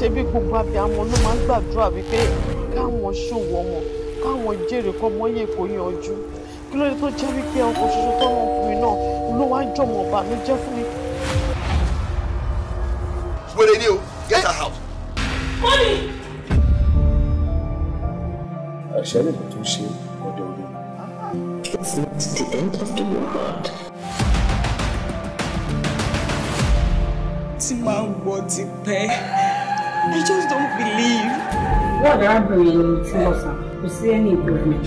ṣe bí gbogbo abiyamọ ló máa ń gbàdúrà wípé káwọn ṣòwò ọmọ káwọn jèrè kọ́mọ yẹ kó yanjú kí ló dé tó jẹ́ wípé ọkọ ṣoṣo tọ́wọ́ ọkùnrin náà ló wá jọmọ ọbànújẹ́ fún mi. wèrè ni o get her out. mọ́mí. àṣà nìkan tó ṣe ọdẹ orí. It's not the end of the world. tí máa ń gbọ́ ti pẹ́. I just don't believe. Wọ́ọ̀dù arábìnrin ẹni tí mo sàn kò sí any improvement.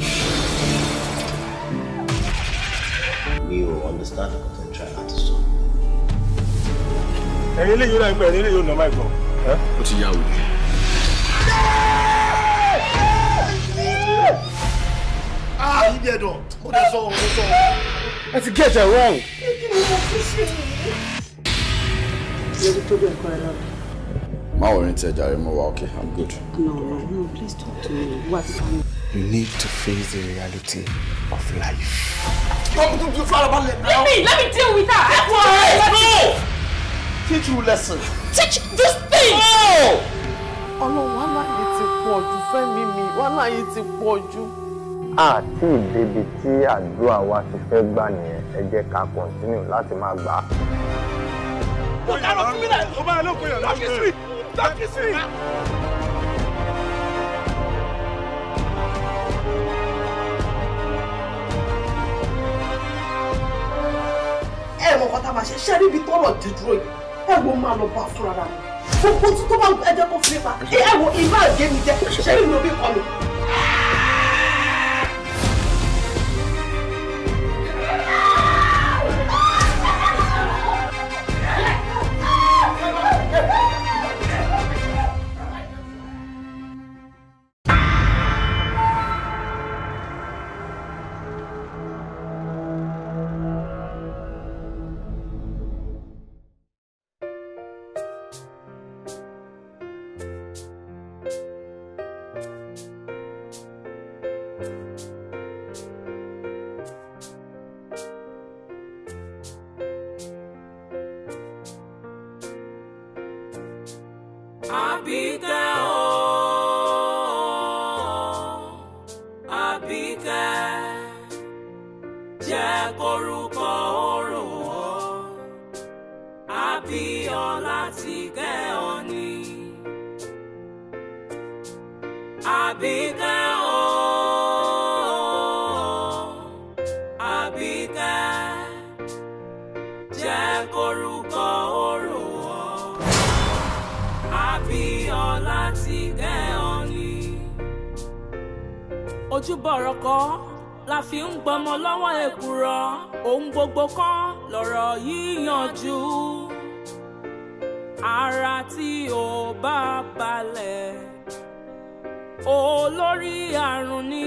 We will understand the potential at láti sọ. Ẹ̀yin eléyìí náà you pẹ̀ ẹ̀yin eléyìí ò nà máa gbọ̀. Ó ti yá òye. Àyí bí ẹ̀dọ̀, ó lè sọ òun get it wrong. Kí ni mo fi ṣe? Ṣé o ti má worry tẹ jàre okay i'm good. no no please talk to me what's wrong. you need to face the reality of life. Don't do you about let me let me deal with that. that's why i let teach you lesson. teach this thing. No. ọlọ́run wàhálà yìí ti You jù fẹ́mi mi wàhálà yìí ti pọ̀ jù. you? ìdèbí tí àdúrà wa ti fẹ́ gbà nìyẹn ẹ jẹ́ ká kọ̀ntínú láti máa gbà á. ó yàrá that mi náà. ó máa lóko yàrá fún mi. That is me. ẹ mọ nǹkan tá a máa ṣe ṣe níbi tọrọ dídúró yìí ẹ wo máa lọ bá fúnra rà mí gbogbo tó tó bá ẹjẹ kó fi pa ẹ wo ìbá àgé mi jẹ ṣe ìlú mi kọ mi. ojúbọ̀rọ̀ kọ́ la fi ń gbọmọ lọ́wọ́ èkùrọ́ ohun gbogbo kan lọ̀rọ̀ yíyanjú ara tí ò bá balẹ̀ olórí àrùn ni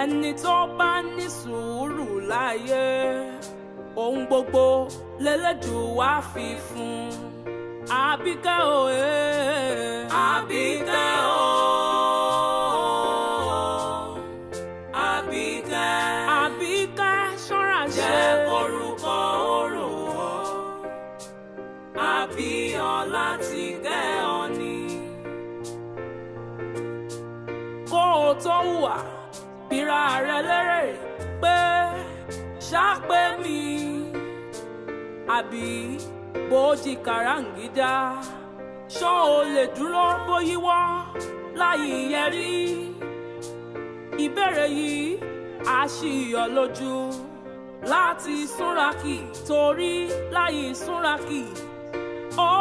ẹni tó bá ní sùúrù láyé ohun gbogbo lélẹ́dùn wá fi fún Àbíkẹ́ òye. tó ń wà bíra rẹ lérè pé ṣáàpẹ́ mi àbí bójì kàràǹgídá ṣó o lè dúró bóyíwọ́ láyé yẹn rí ìbéèrè yìí á ṣì lójú láti súnrakì torí láyé súnrakì ó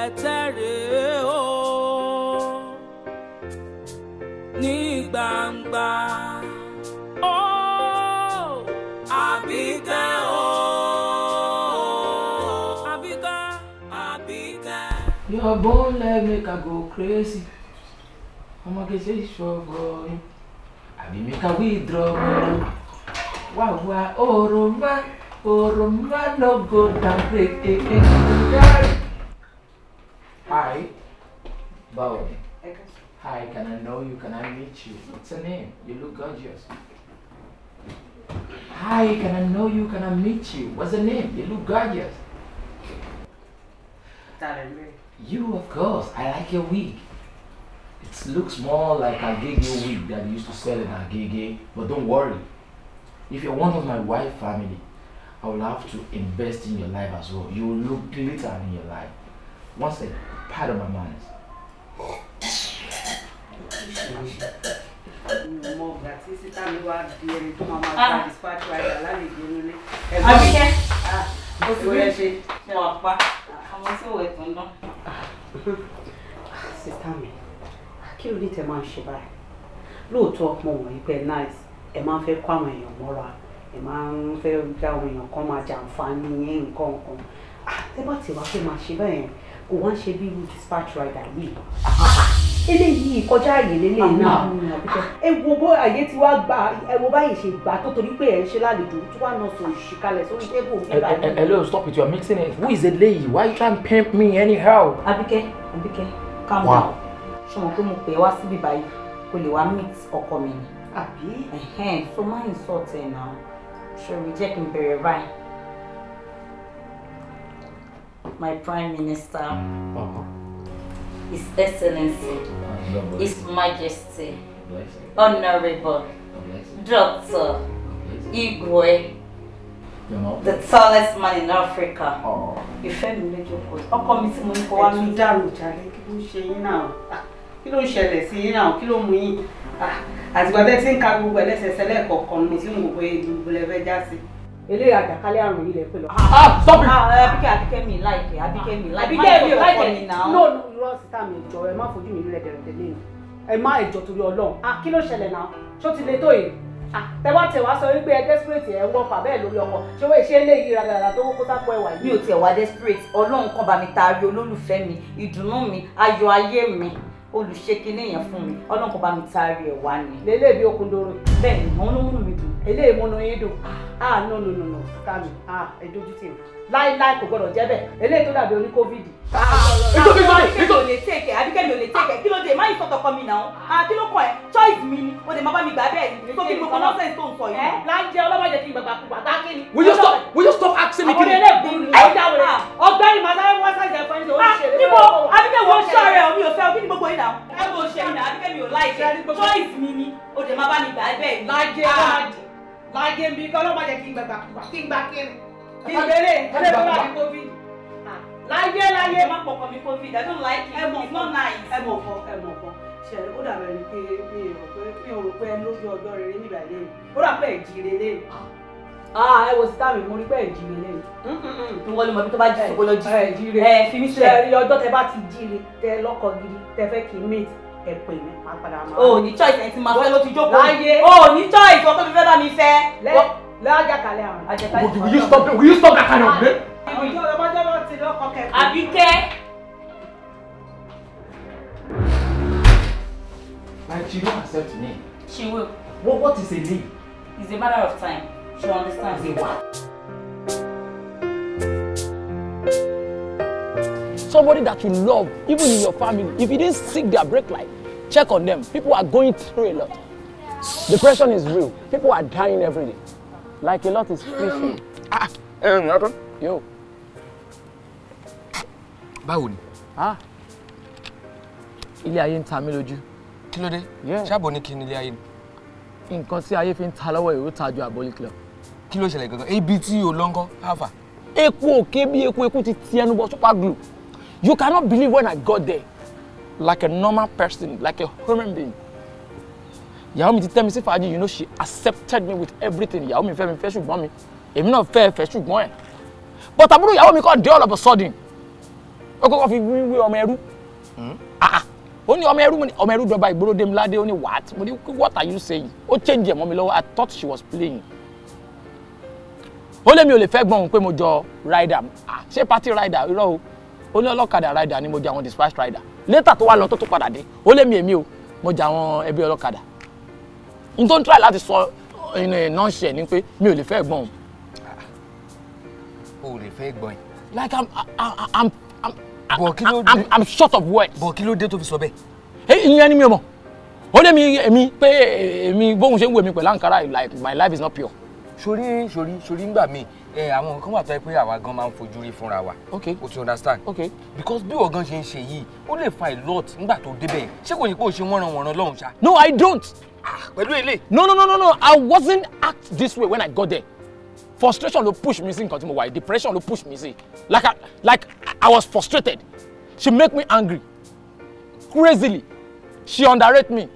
ẹ̀tẹ̀ rèé o. bone leg make i go crazy I'm say sure for you i be make i withdraw money wawa oroma oroma no go down break it eh hi bow hi can i know you can i meet you what's your name you look gorgeous hi can i know you can i meet you what's your name you look gorgeous Darling. You, of course. I like your wig. It looks more like a gigi wig that you used to sell in a gigi. but don't worry. If you're one of my wife family, I will have to invest in your life as well. You will look glitter in your life. One second, pardon my of my mind. ti wọlé ṣe, ṣe àwọn tí ò wẹ̀ tó ń dán. sista mi kí ló dé tẹ máa ń ṣe báyìí lóòótọ́ mo mọ̀ pé nice ẹ máa ń fẹ́ kó àwọn èèyàn mọ́ra ẹ máa ń fẹ́ dá àwọn èèyàn kan máa jàǹfààní yẹn nǹkan kan ah, tẹ wá pé máa ṣe bẹ́ẹ̀ kò wá ń ṣe bí irú dispatch rider yìí eléyìí kọjá àyè lélẹ̀ náà ah, ẹ wo bó àyè tí wàá gbà ẹ wo báyìí ṣe gbà tó torí pé ẹ ń ṣe lálejò tí wàá nà sọ òṣìkalẹ̀ sórí tébù nígbà yìí. hello stop it you are mixing it who is the why you can't pimp me anyhow. Abike Abike calm down ṣọmọ pé mo pè é wá síbí báyìí kó lè wá meet ọkọ mi ni. àbí so má insult ẹ náà ṣòro jẹ́ kí n bẹ̀rẹ̀ báyìí. My prime minister. Mm -hmm. His Excellency, His Majesty, Honorable, Doctor, Igwe, the tallest man in Africa. Oh. Ìfẹ́ mi lójú kò ọkọ mi tí mo ní kó wá mi. Ẹ̀tún ah, kí ló ń ṣẹlẹ̀ sí yín náà? Kí ló mú yín? Ah, àtìgbà tẹ́ ń ka gbogbo ẹlẹ́sẹsẹ lẹ́ẹ̀kọ̀ọ̀kan mo ti ń wò gbogbo ẹ fẹ́ já sí eléyà àjàkálẹ̀ àrùn yìí lè pè lọ. Ah, ah, stop it. abike ah, eh, abike mi láìpẹ abike mi láìpẹ abike me? láìpẹ no lọ sísá mi ìjọ ẹ má fojú mi rẹ dẹrẹdẹ lẹ́yìn ẹ má ìjọ torí Ọlọ́run kí ló ṣẹlẹ̀ náà ṣó ti le tó yìí tẹwà tẹwà sọ wípé ẹ desperate ẹ ń wọ́pà bẹ́ẹ̀ lórí ọmọ ṣé wọ́n ṣe lè yíra gàdàdà tó kókó sápò ẹwà yìí. mi ò tiẹ̀ wá desperate ọlọ́run kan bá mi taari olólùfẹ́ mi ìdùnnú mi ayọ̀ ayé mi olùṣèkínní yẹn fún mi ọlọ́run kan bá mi taari ẹ̀ wá ni. lélẹ́ẹ̀bí okùn dòrò. bẹ́ẹ̀ ni àwọn olóhùn mi dùn eléyìí múnú yín dùn ah, ah no no no no ká ah ẹ dójú tì mí láíláí kò gbọdọ̀ jẹ́ bẹ́ẹ̀ eléyìí tó dàbí oní covid. ètò mi báyìí ètò mi ò lè tèkè àbíkẹ́ mi ò lè tèkè kí ló dé má ìsọ̀tọ̀ kan mi náà kí ló kàn ẹ́ choice mi ni o lè má bá mi gbà bẹ́ẹ̀ tó kí gbogbo nọ́ọ̀sẹ̀ tó ń sọ yìí. láńjẹ ọlọ́mọdé kí gbàgbà kú bàtà kí ni. will you stop will you stop asking me kí ni. ọgbẹ́ni màdáyé wọ́n ṣàjẹ́ fún ẹni tó ń ah, ṣe. níbo àbíkẹ́ wo ṣọ́ọ̀rẹ́ omi ò fẹ́ omi ní gbogbo yìí náà. ẹ bó ṣe yìí náà àbíkẹ́ mi ò láìṣe choice mi ni o lè má bá mi gbà bẹ́ẹ̀ ni. láńjẹ láńjẹ mi kọ́ ọlọ́mọdé kí gbàgbà kú bàtà abẹ́lé abẹ́lé tó wà covid. Ah. láyé láyé. ẹ má pọkàn mi covid i don't like it it's not nice. ẹ mọ̀ fọ ẹ mọ̀ fọ ṣe ó dàbẹ̀ ni pé mi ò pé mi ò rò pé ẹ lójú ọjọ́ rere nígbà yẹn ó rà pé ẹ̀ jí rere ah ẹ wo sita mi mo rí pé ẹ jí mi lẹ́yìn. n wọlé mọ bí tó bá jí sọgbọn lọ jí rẹ jí rẹ ẹ fi mí sílẹ̀. ṣe ọjọ́ tẹ bá ti jí tẹ lọ́kọ̀ gidi tẹ fẹ́ kí mate ẹ pè mí padà máa. o oh, ní choice ẹ ti máa fẹ́ ló ti jókòó. láyé o oh, ní choice ọkọ mi fẹ́ bá mi fẹ́ lọ́jàkálẹ̀ àrùn. will you stop will you stop that kind of thing. ọjọ́ ọlọ́mọdé náà ti lọ́kọ̀ kẹ̀kẹ́. àbíkẹ́. like she don't accept me. she will. what what is a name. it's a matter of time she understands. it's a what. somebody that you love even in your family if you didn't seek their break life check on them people are going through a lot depression is real people are dying every day Like a lot is fishy. Ah, eh, ọdún. Yo. Báwo ni? Ah, ilé ayé ń ta mí lójú. Kí ló dé? Ṣáàbọ̀ ní kí ni ilé ayé ni? Nǹkan tí ayé fi ń ta lọ́wọ́ ìró ta ju àbólíkì lọ. Kí ló ṣẹlẹ̀ gangan? Ibi o lọ ń kọ́, Eku òkè bí eku eku ti ti ẹnu bọ super glue. You cannot believe when I got there. Like a normal person, like a human being ìyàwó mi ti tẹ́ mi sí fàájì you know she accepted me with everything ìyàwó mi fẹ́ mi fẹ́ ṣùgbọ́n mi èmi náà fẹ́ fẹ́ ṣùgbọ́n ẹ̀ but àbúrò ìyàwó mi kọ́ dé all of a sudden ó kọ́kọ́ fi wíwé ọmọ ẹrú hmm? ah, ah. ó ní ọmọ ẹrú ọmọ ẹrú dọba ìgboro demilade ó ní what mo ní what are you saying ó change ẹ̀ mọ́ mi lọ́wọ́ i thought she was playing ó lé mi ò lè fẹ́ gbọ́n òun pé mo jọ rider ah, ṣé party rider irọ́ o ó ní ọlọ́kadà rider ni mo jọ àwọn dispatch rider later tó wá lọ tó tó padà dé ó lé mi èmi o mo jọ àwọn ẹbí ọlọ́kadà n tó ń try láti sọ nọ́ọ̀ṣẹ̀ ni pé mi ò lè fẹ́ gbọ́n. o ò lè fẹ́ gbọ́n like i'm i'm i'm i'm i'm i'm short of words. bọ̀ kí ló dé tó fi sọ bẹ́ẹ̀. ìyẹn ni mi ò mọ̀ ó lé mi èmi pé èmi bóun ṣe ń wo èmi pẹ̀lú àǹkárá like my life is not pure. sori sori sori ngbà mi ẹ àwọn nǹkan wà tó yẹ pé àwa gan máa ń fojú rí fúnra wa. ok o ti understand. ok because bí ọ̀gán ṣe ń ṣe yìí ó lè fa a lot nígbà tó débẹ̀ ṣé kò yẹ kó o ṣe wọ́nranwọ̀nran lọ́hùn ṣá. no i don't pẹ̀lú ilé. no no no no no i wasn't act this way when i got there frustration ló push me sí nǹkan tí mo wà yìí depression ló push me sí like i like i was frustrated she make me angry crazily she underrate me.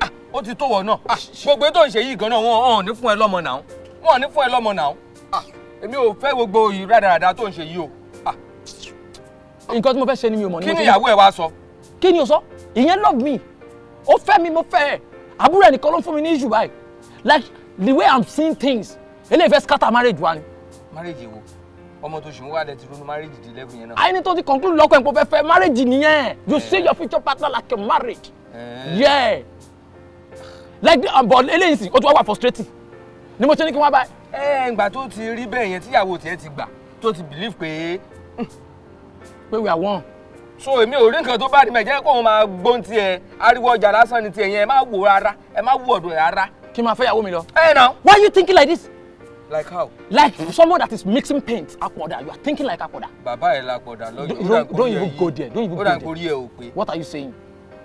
Ah, ó ti tó wọ̀ náà ah, gbogbo ètò ìṣe yìí gan-an wọn ò ní fún ẹ lọ́mọ náà wọn ò ní fún ẹ lọ́mọ náà ah, èmi ò fẹ́ gbogbo yìí rádaràda tó ń ṣe yìí o. nǹkan tí mo fẹ́ ṣe ni mi ò mọ̀ ní mo ṣe. kí ni ìyàwó ẹ wá sọ. kí ni o sọ ìyẹn love me ó fẹ́ mi mo fẹ́ ẹ àbúrò ẹnìkan ló fún mi ní issue báyìí like the way i'm seeing things eléyìí fẹ́ scatter marriage wa ni. marriage wo ọmọ tó ṣùgbọ́n wà lẹ́tí ronú marriage di level yẹn náà. àyìn tó ti conclude lọ́kọ̀ ẹ̀ pé fẹ́ fẹ́ marriage nìyẹn you eh. see your future partner like a marriage. Eh. yeah like um, but eléyìí sì ó ti wá wà frustrating ni mo ṣe ní kí wọ́n bá. ẹ eh, ǹgbà tó ti rí bẹ́ẹ̀ yẹn tíyàwó tiẹ̀ ti gbà tó ti believe pé. Hmm, pé we are one so èmi ò rí nǹkan tó bá rí mẹ́ jẹ́ kóun máa gbóhùn tiẹ̀ ariwo ọjà lásán ni tiẹ̀ yẹn ẹ má wò rárá ẹ má wò ọ̀dọ̀ rárá. kí n máa fẹ́ ìyàwó mi lọ. ẹ nà. why you thinking like this. like how. like someone that is mixing paint apoda you are thinking like apoda. bàbá ẹ la lọ́yọ̀ ó dà nkórí ẹ don't even go there don't even go there. what are you saying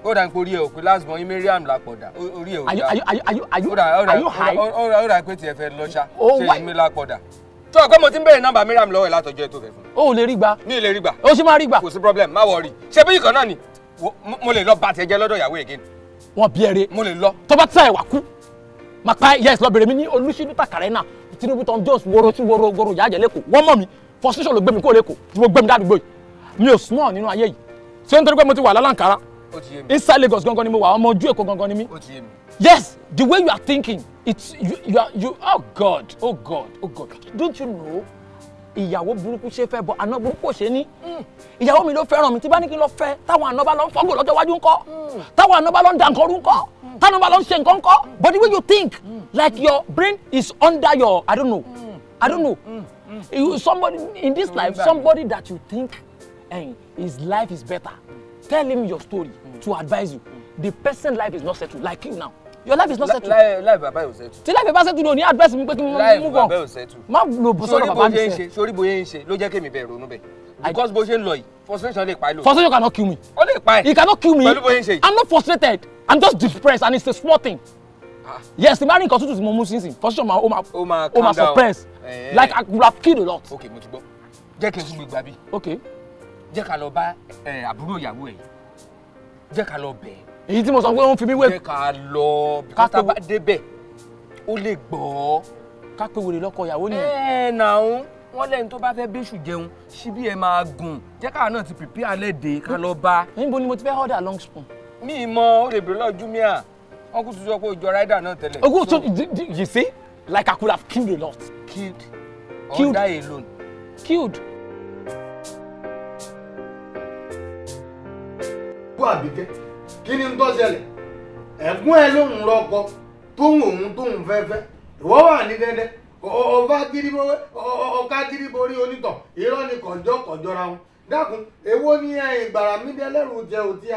ó dà pé orí ẹ ò pé last born Mariam la pọ̀dà orí ẹ ò dà ó dà ó dà ó dà pé tiẹ̀ fẹ́ lọ́ṣà ṣe èmi tó o pé mo ti ń bẹ̀rẹ̀ nọ́mbà miriam lọ́wọ́ ẹ̀ látọjọ́ ẹ tó fẹ́ fún mi. o lè rí gbà. mi ò lè rí gbà. o sì máa rí gbà. kò sí problem má wọrí ṣé bí ìkan náà ni mo lè lọ bá tiẹ̀ jẹ́ lọ́dọ̀ ìyàwó ẹ̀ gẹ́ni. wọn bí ẹrẹ. mo lè lọ. tó bá tíṣà ẹ̀ wà kú. mà pa yes lọ bèrè mi ní olùsílù takarena tinubu tom jones woro tí woro woro yà á jẹ lẹ́kọ̀ọ́ wọ́n mọ̀ mi frustration ló gbé mi kó lẹ́kọ̀ọ́ tí mo gbé mi dádùgbò yìí mi ò súnmọ́ nínú ayé yìí ṣé nítorí pé mo ti wà lálàǹkárá inside Lagos gangan ni mo wà ọmọ ojú Èkó gangan ni mi yes the way you are thinking it's you you are you oh God oh God oh God don't you know ìyàwó burúkú ṣe fẹ́ bọ̀ àná burúkú ò ṣe ní hmm. ìyàwó mi ló fẹ́ràn mi tí bá ní kí n lọ fẹ́ táwọn àná bá lọ ń fọ́gbò lọ́jọ́ iwájú ńkọ́ hmm. táwọn àná bá lọ ń da nǹkan rú hmm. táwọn bá lọ ń ṣe nǹkan ńkọ́ but the way you think like your brain is under your I don't know I don't know you somebody in this life somebody that you think eh, his life is better tell him your story mm. to advise you mm. the person life is not settled like him now your life is not settled. láì life. bàbá yóò settle. tí láì bàbá settle ni o ní advice mi pé kí n mú bọ̀. láì bàbá yóò settle. má lo sọ́dọ̀ bàbá mi sẹ́. sori bóyá ń ṣe ló jẹ́ kémi bẹ̀ ronú bẹ̀. because bó ṣe ń lọ yìí frustration lè pa ẹ lò. frustration cannot kill me. ó lè pa ẹ. he cannot kill me. pẹ̀lú bóyá ń ṣe yìí. i'm not frustrated i'm just depressed and it's a small thing. Ah. yes the marriage ìkọ̀tútù tí mo mú sínsìn frustration ma o ma o ma suppress eh. like i would have killed a lot. Okay, mo ti gbọ́ jẹ́ kí n tún gbé gbà bí jẹ́ ká lọ bá àbúrò ìyàwó ẹ̀ jẹ́ ká lọ bẹ̀. èyí tí mo sọ pé ó ń fi mí wé. jẹ́ ká lọ kátà bá débẹ̀ ó lè gbọ́. ká pé wèrè lọ́kọ ìyàwó nìyẹn. ẹ ẹ nàún wọn lẹ́yìn tó bá fẹ́ bẹ́ṣù jẹun síbí ẹ máa gùn jẹ́ káà náà ti pìpì alẹ́ dé ká lọ bá. níbo ni mo ti fẹ́ order long spoon. mi mọ òrèbè lọ jumia wọn kò tún sọ pé ojú rider náà tẹ́lẹ̀. ogun so you see like I could have killed a lot. killed. killed. or alone. killed. àbíkẹ́ kí ni ń tó ṣẹlẹ̀ ẹ̀gbọ́n ẹ lóhùn rọkọ tóhùn òun tóhùn fẹ́fẹ́ ìwọ wà ní dẹ́dẹ́ ọka onítọ̀ irọ́ ni kọ̀jọ́ kọ̀jọ́ra wọn dákun èwo ni ẹ̀yìn gbàrà mídẹ́lẹ́rù òtí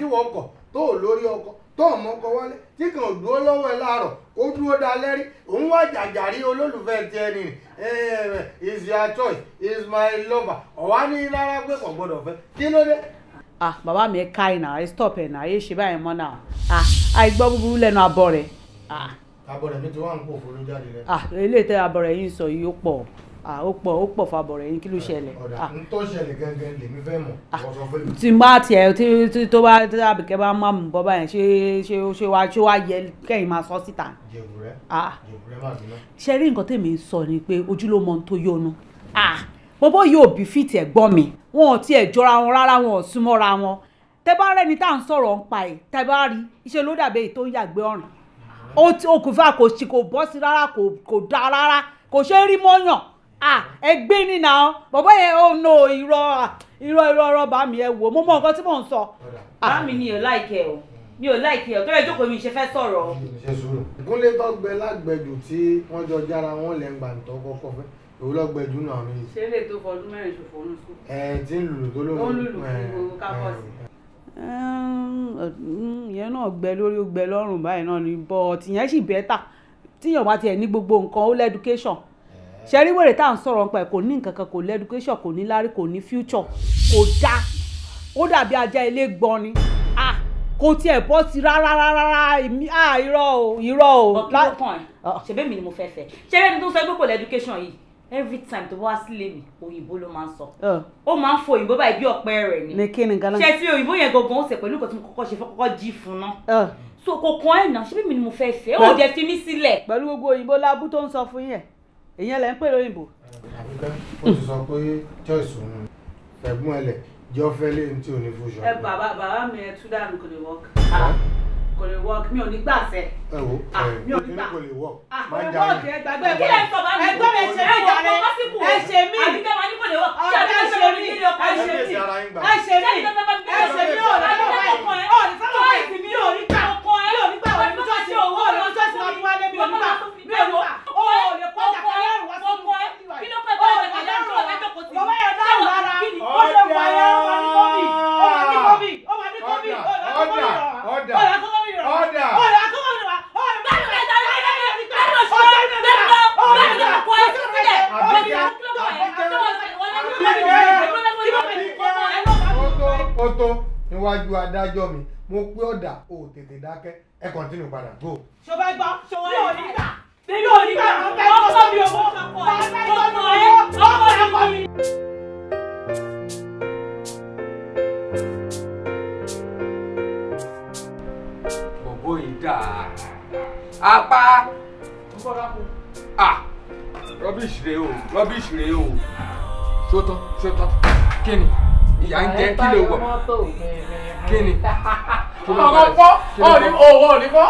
tí wọ́n kọ̀ tó lórí ọkọ tó ọkọ wálé tí kàn dúró lọ́wọ́ ẹ láàárọ̀ ó dúró da lẹ́rí òun wá jàjàrí olólùfẹ́ ti ẹni eh, is your choice is my lover ọ̀wá ní rárá pé kò gbọ́dọ̀ fẹ́ kí ló ah bàbá mi ẹ ká ẹ náà ẹ stop ẹ náà ẹ ṣe báyìí náà búburú lẹ́nu abọ́ rẹ̀ Ah, ó pọ̀ ó pọ̀ fàbọ̀rẹ̀ yín kí ló ṣẹlẹ̀. ọ̀dà ah. n tó ṣẹlẹ̀ gangan lèmi fẹ́ mọ̀ ah, tí n bá tiẹ̀ tí tó bá tàbí kẹ́ bá má mú bọ́ báyẹn ṣé ṣé ṣé wá ṣé wá yẹ kẹ́yìn máa sọ síta. jẹ̀bùrẹ́ jẹ̀bùrẹ́ máa dùn ṣe rí nǹkan tèmi ń sọ ni pé ojúlómọ tó yọnu bọ́bọ́ yóò bí fìtì ẹ̀gbọ́n mi wọn ò tiẹ̀ jọra wọn rárá wọn ò súnmọ́ra wọn tẹ bá rẹ́ni tá à ń sọ̀rọ̀ ń pa ẹ̀ tẹ bá rí iṣẹ́ ló dàbí èyí tó ń yàgbé ọ̀rìn okùnfà kò bọ́ sí rárá kò dáa rárá kò ṣeé rí mọ́yàn ah ẹgbẹ́ ni na ọ bọ̀bọ̀ yẹn oh no irọ́ irọ́ irọ́ irọ́ bá mi ẹ wò mo mọ nǹkan tí mò ń sọ. bá mi ni ò láìkẹ o mi ò láìkẹ o tó lè jókòó mi ṣe fẹ́ sọ̀rọ̀ o. ìgúnlẹ̀ tọ́gbẹ lágbẹ̀jù tí wọ́n jọ jára wọn lẹ́ ń gbà tó kọ́kọ́ fẹ́ òun lọ́gbẹ̀jù náà mi. ṣé lè tó fọdún mẹ́rin ṣòfò ọdún sùn. ẹ ti ń lùlù tó lóun. ó ń lùlù fún kápọ́sì ìyẹn náà gbẹ lórí ó gbẹ lọ́rùn báyìí náà ni bọ́ọ̀tì yẹn sì bẹ́tà tíyàn bá tiẹ̀ ní gbogbo nǹkan ó lẹ́dúkéṣàn ṣẹ́rí wèrè tá à ń sọ̀rọ̀ nípa ẹ̀ kò ní nǹkan kan kò ní education kò ní lárí kò ní future kò dá ó dàbí ajá ilé gbọ́n ni kò tiẹ̀ bọ́ sí rárá rárá èmi à irọ́ o irọ́ o. ọkùnrin kan ẹ ṣebí mi ni mo fẹ́ fẹ́ ṣebí mi tó sọ pé kò lẹ́ education yìí every time tó bá wá sílé mi òyìnbó ló máa ń sọ ah. ó máa ń fo òyìnbó báyìí bí ọ̀pẹ rẹ̀ ni ṣe ti òyìnbó yẹn gangan ó ṣe pẹ̀lú nǹkan tí mo kọ́kọ́ ṣe kọ́kọ́ jí fún náà ah. so kò kàn ẹ̀ náà ṣebí mi ni mo fẹ́ fẹ́ ó jẹ́ fi mí sílẹ̀. pẹ̀lú gbogbo òyìnbó lábú tó ń sọ fún yẹn èyàn lẹ ń pè lóyìnbó. àbíkẹ́ ó ti sọ pé choice òun ẹ̀gbọ́n ẹlẹ̀ jọ́ fẹ́ lé ní tí ò ní fún ṣọ́ọ̀bù. ẹ bàbá bàbá mi ẹ tú dànù kò ní wọ́ọ̀kì kò lè work mi ò ní gbàfẹ́. ẹ wo mi ò ní gbà kò lè work. máa ń jà rẹ gbàgbé mi. kílẹ̀ sọ bá mi ẹgbẹ́ mi ṣe é jà rẹ ẹ ṣe mí. àbíkẹ́ máa ní kò lè work. ṣé àbíkẹ́ ṣe mí ẹ ṣe mí ẹ ṣe mí ẹ ṣe mí ò ní fọwọ́ ẹ ò ní fọwọ́ ẹ sì mí ò ní gbà ẹ ò ní gbà wọn ní jọ́sí owó ò ní jọ́sí wọn ní wálé mi ò ní gbà mi ò ní gbà ó lè ẹ ọkọ ẹ kí ló ọ̀dà ọ̀dà ọ̀dà ọ̀dà. Oto níwájú adájọ́ mi mo pé ọ̀dà o tètè dákẹ́ ẹ kọ́ntínú padà go. ṣọba gbọ́ ṣọwọ́ yóò ní gbà nínú òní gbà ọkọ mi ò mọ ọkọ ẹ ọkọ ẹ ọkọ mi. rà á apá ah rubbish rèé o rubbish rèé o ṣótán ṣótán kí ni ìyá ń jẹ kí ló wọ kí ni kí ló wọ kí ló wọ ọwọ ònífọ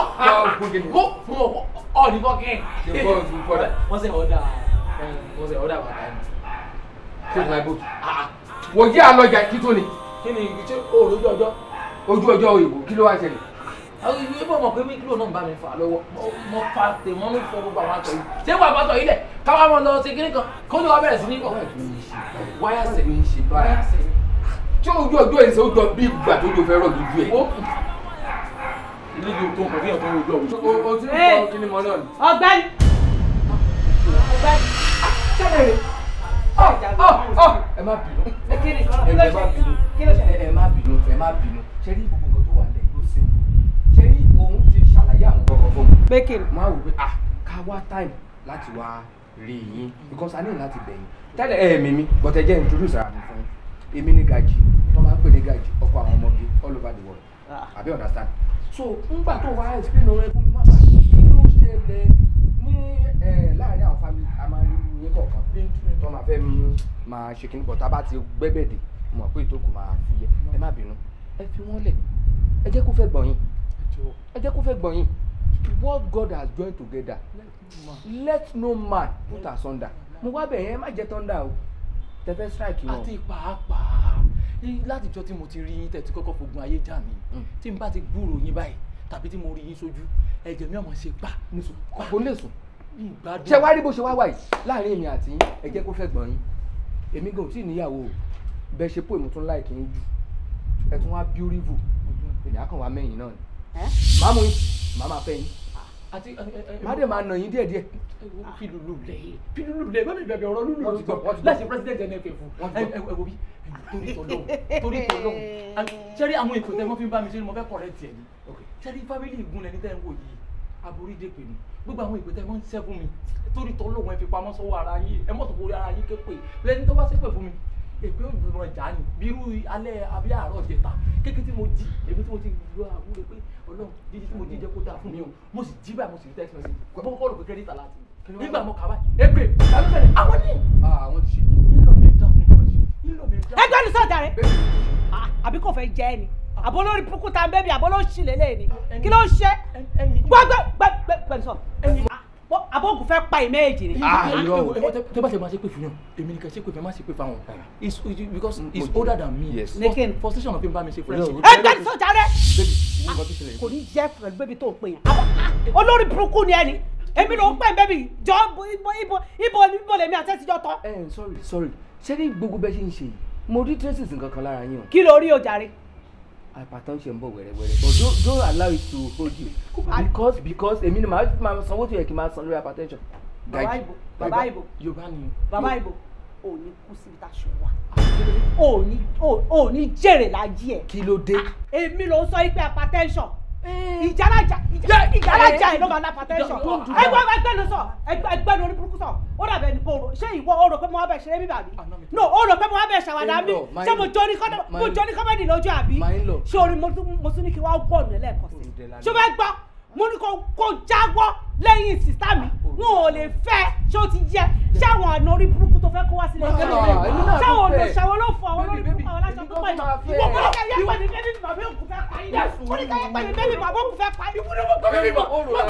kó fún ọwọ ònífọ kẹ ṣe fọ ìfún fọdà wọn ṣe ọdà wọn ṣe ọdà bàtà ni ṣe fún ẹbú wò yí àlọjà kí tó ni kí ni ojú ọjọ́ ojú ọjọ́ òyìnbó kí ló wá ṣẹlẹ̀ àwọn ìlú yẹn bọ̀ mọ̀ pé mikro náà ń bá mi fà lọ́wọ́ mo fa tèmọ́ ní fọ gbogbo àwọn àtọ̀ yìí ṣé wà bàtọ̀ yìí lẹ̀ káwá wọn lọ sí kíní kan kó ló wá bẹ̀rẹ̀ sí ní ọ̀rọ̀ ìlú yìí ṣe wáyà sẹ̀mí ń ṣe ẹ má bínú ẹ má bínú ṣe rí gbogbo nǹkan tó wà lẹ́yìn ló ṣe ṣe rí òun ti ṣàlàyé àwọn kọkọ fún mi. pé kí ni. máa wò pé ah ká wá time láti wá rí yín because I ní láti bẹ̀yìn tẹ́lẹ̀ ẹ̀ mímí but ẹ jẹ́ introduce ara mi fún yín èmi ní Gaji tó máa ń pè ní Gaji ọkọ àwọn ọmọge all over the world ah. àbí understand so ngbà tó wá explain ọ̀rọ̀ ẹkún mi má bàa kí ló ṣẹlẹ̀ ní láàrin àwọn family a máa ń ní kọ̀ọ̀kan tó máa fẹ́ máa ṣe kí n bọ̀ tá a bá ti gbẹ́bẹ̀dẹ̀ mọ̀ pé ìtókù máa fi yẹ ẹ má bínú ẹ fi wọ́n lẹ̀ ẹ jẹ́ kó fẹ́ gbọ̀n ẹ jẹ́ kó fẹ́ gbọ̀n yín what God has joined together let no man put asunder mo wá bẹ̀ yẹn má jẹ́ thunder o tẹ́fẹ́ strike wọn. àti pàápàá látijọ́ tí mo ti rí yín tẹ̀ tí kọ́kọ́ fogun ayé jà mí mm. tí n bá ti gbúròó yín báyìí tàbí tí mo rí yín sójú ẹ̀jẹ̀ mi ọmọ ṣe pa. kò lè sùn ṣe wá rí bó ṣe wá wà yìí láàrin èmi àti yín ẹ jẹ́ kó fẹ́ gbọ́n yín èmi gan ò tí o bẹ́ẹ̀ ṣe pò èmi tún láì kí n tún wá beautiful mm-hmm. èmi á kàn wá mẹ́yìn náà ni màá mú yín màá máa fẹ́ yín ah, àti màá dẹ̀ máa nà yín díẹ̀ díẹ̀. fi lulu lẹ fi lulu lẹ bá mi bẹ̀bẹ̀ ọ̀rọ̀ lulu lọ láti president nff ẹ wo bí torí tọlọ́hún torí tọlọ́hún sẹ́rí àwọn èkó tẹ́ wọ́n fi ń bá mi ṣe ni mo fẹ́ kọ̀rẹ́ tiẹ̀ ni sẹ́rí fámìlì ìgúnlẹ̀ ní tẹ́ ń wò yìí aborí dèpè ni gbogbo àwọn ìgbésẹ̀ wọn ń sẹ́fún mi torí tọ́lọ́wọ́n ẹ fi pamọ́ sọ́wọ́ ara yín ẹ mọ̀tò kórè ara yín képe lẹ́ni tó bá ṣépè fún mi èpè òjò náà jà ní bírú alẹ́ abíyá àárọ̀ jẹta kékeré tí mo jí èmi tí mo ti lu àwúrẹ́ pé Ọlọ́run jíjí tí mo jíjẹ kó dáa fún mi o mo sì jí báyìí mo sì rí text message mo kọ́kọ́ rò nígbà mo kà báyìí èpè tàbí bẹ̀rẹ̀ àwọn ní. àwọn ti ṣe nílò mi dákun nílò mi dákun. ẹgbẹ́ ni sọ̀dà rẹ̀ àbí kò fẹ́ jẹ́ ni àbọ̀ lórí burúkú ta bẹ́ẹ̀ bí àbọ̀ ló ń ṣì ni kí ló ń ṣe gbọ́gbẹ́ gbẹ́gbẹ́ pẹ̀lú sọ abóògùn fẹ́ pa ìmẹ́ èjì ni. ayọ ah, ah, tẹ bá ṣe máa ṣe pé fún yàn èmi nìkan ṣe pé fún yàn má ṣe pé fún àwọn ah. because he's mm, older than me yes. so frustration of him bá mi ṣe friendship. ẹ gbẹ́ni sọ̀jà rẹ kò ní jẹ́ pẹ̀lú bébí tó ń pè yàn olórí burúkú ni ẹni èmi ló ń pè bébí jọ ibo ibo lèmi àtẹ́síjọ́ tọ́. ẹ eh, sorry sorry ṣé ní gbogbo bẹ́ẹ̀ ṣe ń ṣe yìí mo rí traces nǹkan kan lára yín o. kí ló rí o jàre hypertension bọ̀ wẹ̀rẹ̀wẹ̀rẹ̀ but don't don't allow it to hold you because because èmi ni màá máa sanwó tó yẹ kí n máa san lórí hypertension. bàbá ìbò bàbá ìbò yorùbá ni bàbá ìbò ò ní kú síbi tá a ṣe wà ò ní jèrè láyé ẹ. kí ló dé. èmi ló sọ pé hypertension Eh. ìjàlájà ìjàlájà eh. ẹ̀ ló máa nápa tẹ́sán ẹgbẹ́ ẹgbẹ́ ló sọ ẹgbẹ́ ló ní burúkú sọ ó dàbẹ̀ ní bòrò ṣé ìwọ ó rò pé mo wá bẹ̀ ṣeré bíbà mi no ó rò pé mo wá bẹ̀ ṣàwádà mi ṣé mo jọ ní kọ́mẹ́dì lójú àbí ṣé orin mo tún ní kí wọ́n gbọ́ ọ̀nà lẹ́ẹ̀kan sí ṣé o fẹ́ gbọ́ mo ní kó jáwọ́ lẹ́yìn sísá mi wọn ò lè fẹ́ ṣé o ti yẹ ṣé àwọn àna orí burúkú tó fẹ́ kó wá sílẹ̀ ọ̀gá mi ṣé ṣàwọn ló àwọn olórí fún àwọn aláṣọ tó pẹ̀lú ìwọ kọ́ lókè yẹ pẹ̀lú bẹ́ẹ̀ni bàbá òkú fẹ́ pa yín kọ́ lókè yẹ pẹ̀lú bẹ́ẹ̀ni bàbá òkú fẹ́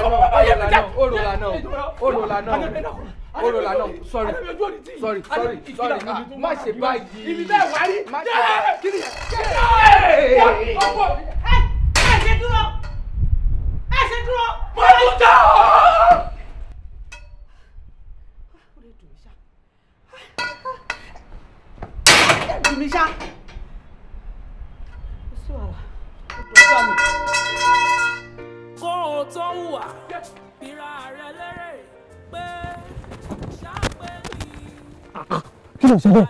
pa yín wúlò mọ́ kọ́ mi mọ́ ọkọ̀ olo la náà sorry sorry sorry sorry má ṣe báyìí. ibi bẹ́ẹ̀ wá rí jẹ́ kí ni ọkọ ẹ ẹ ṣe dúró ẹ ṣe dúró. mo tún tẹ̀ sí mi ṣá. kó o tó ń wà bíra rẹ lérè pé ṣáàpẹ́ mi. kí ló ń ṣẹlẹ̀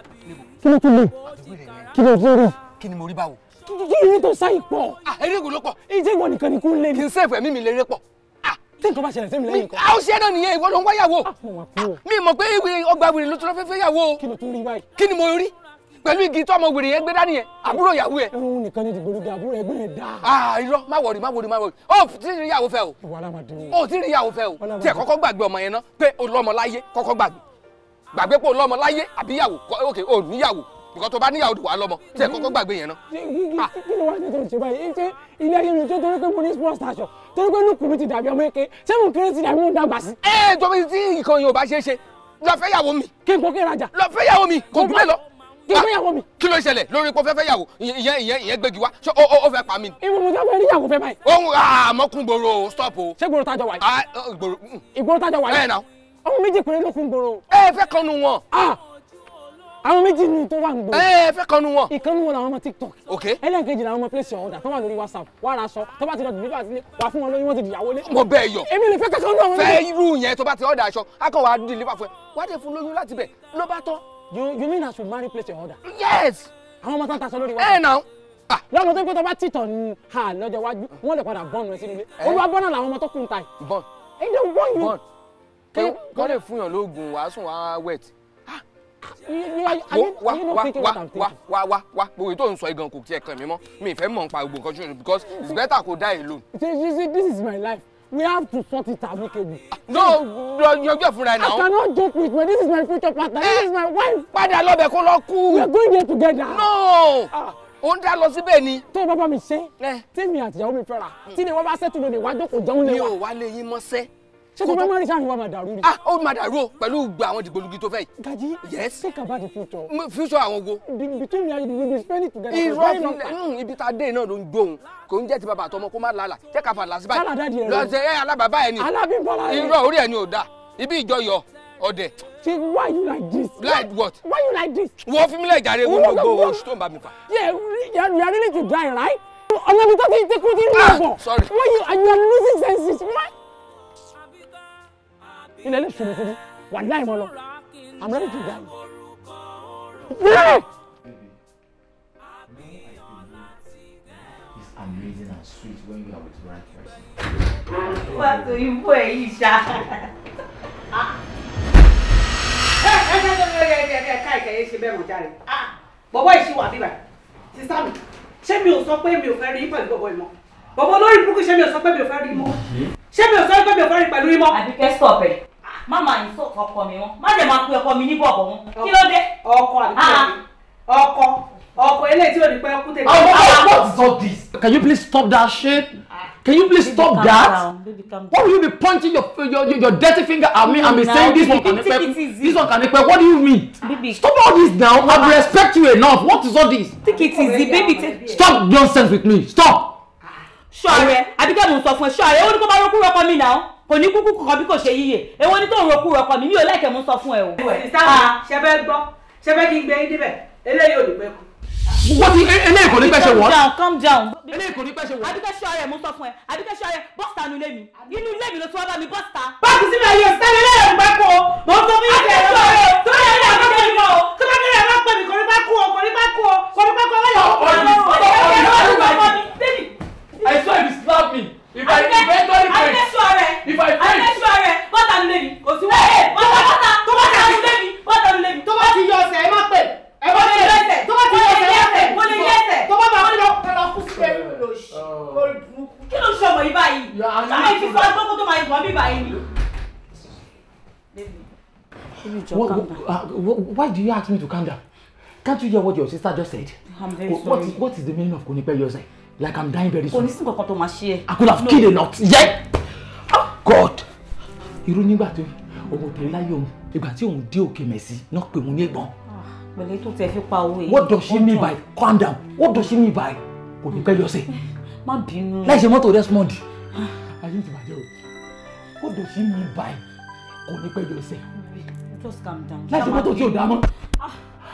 kí ló tún lè kí ló tún rí. kí ni mo rí báwo. kí ni tó sáyìn pọ̀. eré ìgò ló pọ̀. ìjẹ́ ìwọ nìkan ni kò ń lé mi. kì í sèfù ẹ̀mí mi lè rẹ́ pọ̀ tí nǹkan bá ṣẹlẹ̀ sí mi lẹ́yìn kan. àwọn ṣẹ́nà nìyẹn ìwọ ló ń wá yàwó. Ah, mi mọ̀ pé ọgbà wìrì ló tún lọ fẹ́ fẹ́ yàwó. kí ló tún rí báyìí. kí ni mo rí pẹ̀lú igi tó ọmọ wèrè yẹn gbé dání yẹn àbúrò ìyàwó yẹn. ẹrun nìkan ni dìgbòlugi àbúrò ẹgbẹ́ yẹn dá. aa irọ́ má wọrí má wọrí má wọrí ó ti rí ìyàwó fẹ́ o. ìwà alámàdé o. ó ti rí ìyàwó fẹ́ o tí ẹ kọ́kọ́ gbàgbé ọmọ yẹn ná pé o lọ́mọ láyé kọ́kọ́ gbàgbé gbàgbé pé o lọ́mọ láyé àbí ìyàwó ok o níyàwó nǹkan tó bá níyàwó wà lọ́mọ tí ẹ kọ́kọ́ gbàgbé yẹn ná. kí ló wá ní tó ń ṣe báyìí ṣé ilé ayé mi tó torí pé mo ní small stature torí pé lùkù mi ti dàbí ọmọ èké ṣé mo kéré ti dàbí mo dàgbà sí. ẹ ẹ tó bí tí nǹkan yóò bá ṣeé ṣe lọ fẹ́ yàwó mi. kí n kò kí n rajà. lọ fẹ́ yàwó mi kò gbé lọ kí ló yàwó mi. kí ló ṣẹlẹ̀ lórí pé ó fẹ́ fẹ́ yàwó ìyẹn ìyẹn ìyẹn gbégi wá ṣé ó ó fẹ́ pa mí. ìwọ mo dábàá ní ìyàwó fẹ́ báyìí. ohun àmọ́kùn gbòòrò stop o. ṣé gbòòrò tájọ wà yìí. ìgbòòrò mm. tájọ wà yìí. bẹ́ẹ̀ náà. ọmọ méjì péré ló kún gbòòrò. ẹ fẹ́ kan nu wọn. àwọn méjì ni tó wà ń gbòòrò. ẹ fẹ́ kan nu wọn. ìkan wọn làwọn ọmọ TikTok. ok ẹlẹ́ẹ̀kejì làwọn ọmọ place your order tó wà lórí WhatsApp wà ra aṣọ tó bá ti lọ dùnú bá wà fún wọn lóyún wọn ti dìyàwó lé. mo bẹ yọ. èmi lè fẹ́ kankan náà. fẹ́ irú yẹn tó bá ti ọ̀dà aṣọ akọ̀wà dìlífà fún ẹ wá fún lóyún láti bẹ̀ ló bá tán you you mean I should marry place your order. yes. àwọn ọmọ tán ta sọ lórí wa. ẹ nà lọ́nà tó ń pẹ́ tó bá tìtọ̀ ní ha lọ́jọ́ iwájú wọ́n lè padà bọ́ọ̀nù ẹ sínú ilé eh? olúwa bọ́ọ̀nù làwọn ọmọ tó kù ń ta yìí. bọ́ọ̀n ẹ jẹ́ wọ́n yìí. bọ́ọ̀n kọ́ lè fún yàn lóògùn wàá sùn wàá wẹ̀t. Ah, ah, wá wá wá wá wá wá gbogbo tó ń sọ igan kò tiẹ̀ kàn mí mọ́ mi ì fẹ́ mọ̀ nípa gbogbo nǹkan ṣùgbọ́n because it's better kò die alone. this is my life we have to sort it amicably. no you're ẹ for right now. i cannot joke with me. this is my future partner eh, this is my wife. padà lọ́bẹ̀ kó lọ kú. we going there together. no òun ah. dá lọ síbẹ̀ ni. tó o bá bá mi ṣe. Eh. tèmi àtìyàwó mi fẹ́ra tí ni wọ́n bá ṣètò lónìí wájú kò jẹun lé mi ò wá lè yín mọ́ṣẹ́ ṣé tí primary sáà ni wàá máa dàrú ni. ah ó máa dàrú o pẹ̀lú gba àwọn dìgbòlugi tó fẹ́ yìí. gaji yes take about the future. future àwọn wo. between me and you we be spending together. irọ́ ilẹ̀ hmm, ibi tá a dé náà ló ń gbóhùn kò ń jẹ́ ti bàbá àtọmọ kó má lálà jẹ́ ká fà lásìbáyé. kálá dáàdi rẹ lọ sẹ ẹ alábàbá ẹ ni. alábìbọlá rẹ irọ́ orí ẹ ni ò dáa ibi ìjọyọ̀ ọdẹ. ṣe why you like this. like what. why you like this. wọ́n fi mí lẹ̀ jàre wọ́n gbogbo oṣù tó ń bá mi fà. yeah you are ready to die right. ọ̀nà mi tó ti ti kú ti ń lọ ah, bọ̀. sorry. why you are you losing senses. why ilẹ̀ ilẹ̀ ṣòro wà láì mọ́ lọ i'm ready to die. Yeah! amazing and sweet when you are with the right person. What do you boy Isha? Bọ̀bọ̀ ìṣe wà bíbà. Sísá mi, ṣé mi ò sọ pé mi ò fẹ́ rí pẹ̀lú bọ̀bọ̀ ìmọ̀? Bọ̀bọ̀ lórí burúkú ṣé mi ò sọ pé mi ò fẹ́ rí mọ́? Ṣé mi ò sọ pé mi ò fẹ́ rí pẹ̀lú ìmọ̀? Àbíkẹ́ stop ẹ̀ má máa yín sọ ọkọ mi wọn má dẹ̀ máa pe ọkọ mi ní bọ̀bọ̀ wọn kí ló dé. ọkọ àbí ah. ọkọ ọkọ eléyìí tí ò ní pẹ́ kú tèmi. ọkọ ah, what is all this. can you please stop that shit. Ah. Can you please stop that? Why will you be punching your your, your, your dirty finger at me and be saying this one can pe this one can pe what do you mean? Stop all this now. Mama. I respect you enough. What is all this? Take it easy, baby. Stop nonsense with me. Stop. Sure, Abike mo sọ fún ẹ. Sure, ó ní kó bá rọ́kú rọ́kọ mi now kò kankan bí kò ṣe yíyẹ èwo ni tó ń roku rọkọ mi mi ò láìkẹ́ mú sọ fún ẹ o. wọ́n ti eléyìí ní pẹ́ wọ́n. calm down calm down. ní pẹ́ wọ́n. abike ṣe ọ̀rẹ́ sọ fún ẹ abike ṣe bọ́sítà nu ilé mi inú ilé mi ló ti wá bá mi bọ́sítà. báàkì sínú ayé sẹ́ni lẹ́yìn ìgbà kó mo sọ fún yín kẹrẹ lọ tó bá yẹ kó pè mí o tó bá kẹrẹ lọ pè mí kò ní bá kú o kò ní bá kú o kò ní bá kú o wáyà ọkọ mi. Why do you ask me to calm down? Can't you hear what your sister just said? I'm very what, sorry. What is, what is the meaning of Konipe Yosai? Like I'm dying very soon. I could have no. killed a nut. Yeah! Oh God! you nígbà tó òun òbí láyé òun ìgbà tí òun dé òkè mẹ́sì náà pé òun ní ẹ̀gbọ́n. Ah, pẹ̀lẹ́ What does she mean by calm down? What does she mean by Konipe Yosai? Má bínú. Láì ṣe mọ́tò Desmond. Ah, ayé ti bàjẹ́ o. What does she mean by Konipe Yosai? just calm down. Let's go to o dá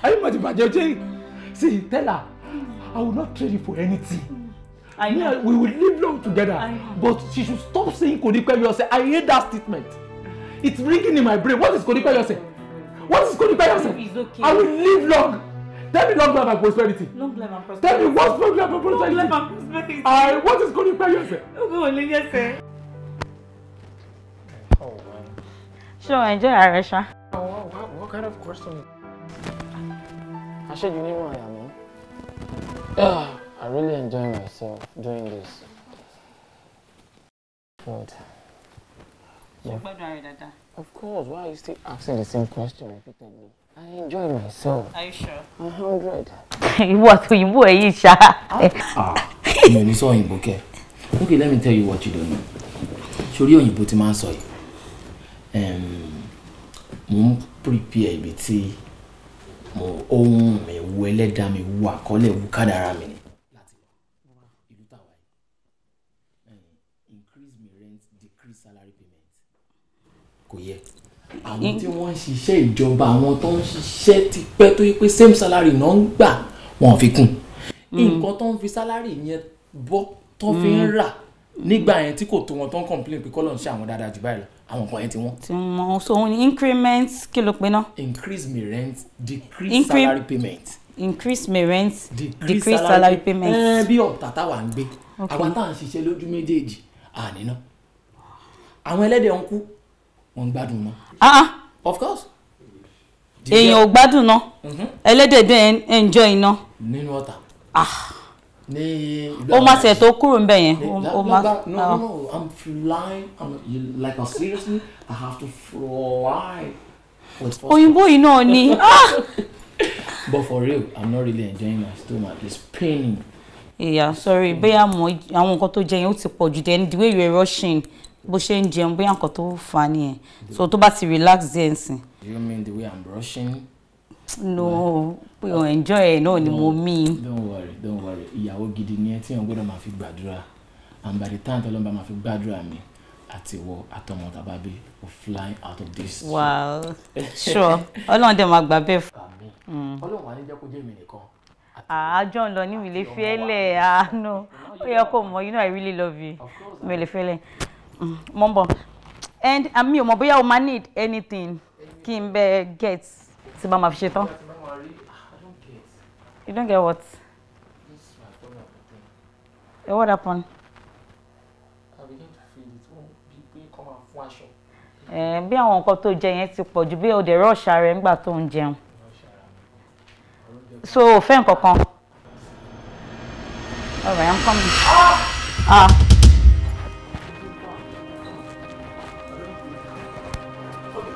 Are you mad about your thing? see tell her hmm. I will not trade you for anything. Hmm. I know. we will live long together. But she should stop saying Kodipeyose. I hate that statement. It's ringing in my brain. What is Kodipeyose? What is Kodipeyose? It's okay. I will live long. Tell me long life and prosperity. Long life and prosperity. Tell me what's long life and prosperity. Long life and prosperity. I, what is Kodipeyose? Kodipeyose. Oh, oh, man. Sure, enjoy Aresha wow, wow, what kind of question? I said you knew who I am, I really enjoy myself doing this. But... Yeah. Of course, why are you still asking the same question repeatedly? I enjoy myself. Are you sure? A hundred. What you were you sure? Ah, no, you saw Òyìnbó kẹ̀. Okay, let me tell you what you don't know. Ṣorí you put him on soy? Um, mo ń prepare ibi tí mo ohun mi wo ẹlẹ́dàá mi wo àkọọ́lẹ̀ wo kádàrá mi ni. kò yẹ àwọn tí wọ́n ń ṣiṣẹ́ ìjọba àwọn tó ń ṣiṣẹ́ tipẹ́ tó yẹ pé same salary náà ń gbà wọn fi kún hmm. nǹkan tó ń fi salary yẹn bọ́ tó fi ń hmm. rà nígbà yẹn tí kò tó wọn tó ń complain pé kọ́lọ́ ń ṣe àwọn dáadáa jù báyìí lọ àwọn nǹkan yẹn ti wọ́n. ti wọ́n so increment kí ló pe náà. increase my rent decrease Incre salary payment. increase my rent decrease, decrease salary payment. ẹ eh, bí ọ̀tá táwa ń gbé àwọn táwọn ṣiṣẹ́ lójú méjèèjì àníná àwọn ẹlẹ́dẹ̀ ń kú wọ́n ń gbádùn ah, ah, of course. èèyàn ò gbádùn náà mhm. ẹlẹ́dẹ̀ dẹ̀ enjoy náà. nínú ọ̀tá. ah ní ìlú àwọn. ṣe tó kúrò ń bẹ̀ yẹn. no no no i'm flying I'm, like uh, seriously i have to fly. òyìnbó yìí náà ni. Ah! but for real i'm not really enjoying my stomach it's paining. yeah sorry bóyá mo àwọn nǹkan tó jẹ yẹn ó ti pọ̀ jù then the way you were rushing bó ṣe ń jẹun bóyá nǹkan tó fà á nìyẹn so tó bá ti relax díẹ̀ nsìn. you mean the way i'm rushing no we o enjoy ẹ no. ni mo mean. don't worry don't worry ìyàwó gidi ni ẹ tí wọn gbọ́dọ̀ máa fi gbàdúrà and by the time tọ́lọ́ bá máa fi gbàdúrà mi àti ìwọ àtọmọ tàbá bí o fly out of this. wow sure ọlọ́run dẹ̀ máa gbà bẹ́ẹ̀ fún. Mm. ọlọ́run wa ní jẹ́ kó jẹ́ mi nìkan. àájọ ah, ń lọ ní mi lè fi ẹ́ lẹ̀ ah, àánú ó yẹ kó mọ you know i really love you mi lè fi ẹ́ lẹ̀ mm, mọ́ bọ̀ and ah, mi ò mọ̀ bóyá o máa need anything kí n bẹ get tí bá máa fi you don't get what. ẹ wọ́n dàpọ̀ ni. bí àwọn nǹkan tó jẹ yẹn ti pọ̀ jù bí o dẹ̀ rọ́ọ̀ṣà rẹ̀ nígbà tó ń jẹun so o fẹ́ nǹkan kan. All right, I'm coming. Ah. Uh.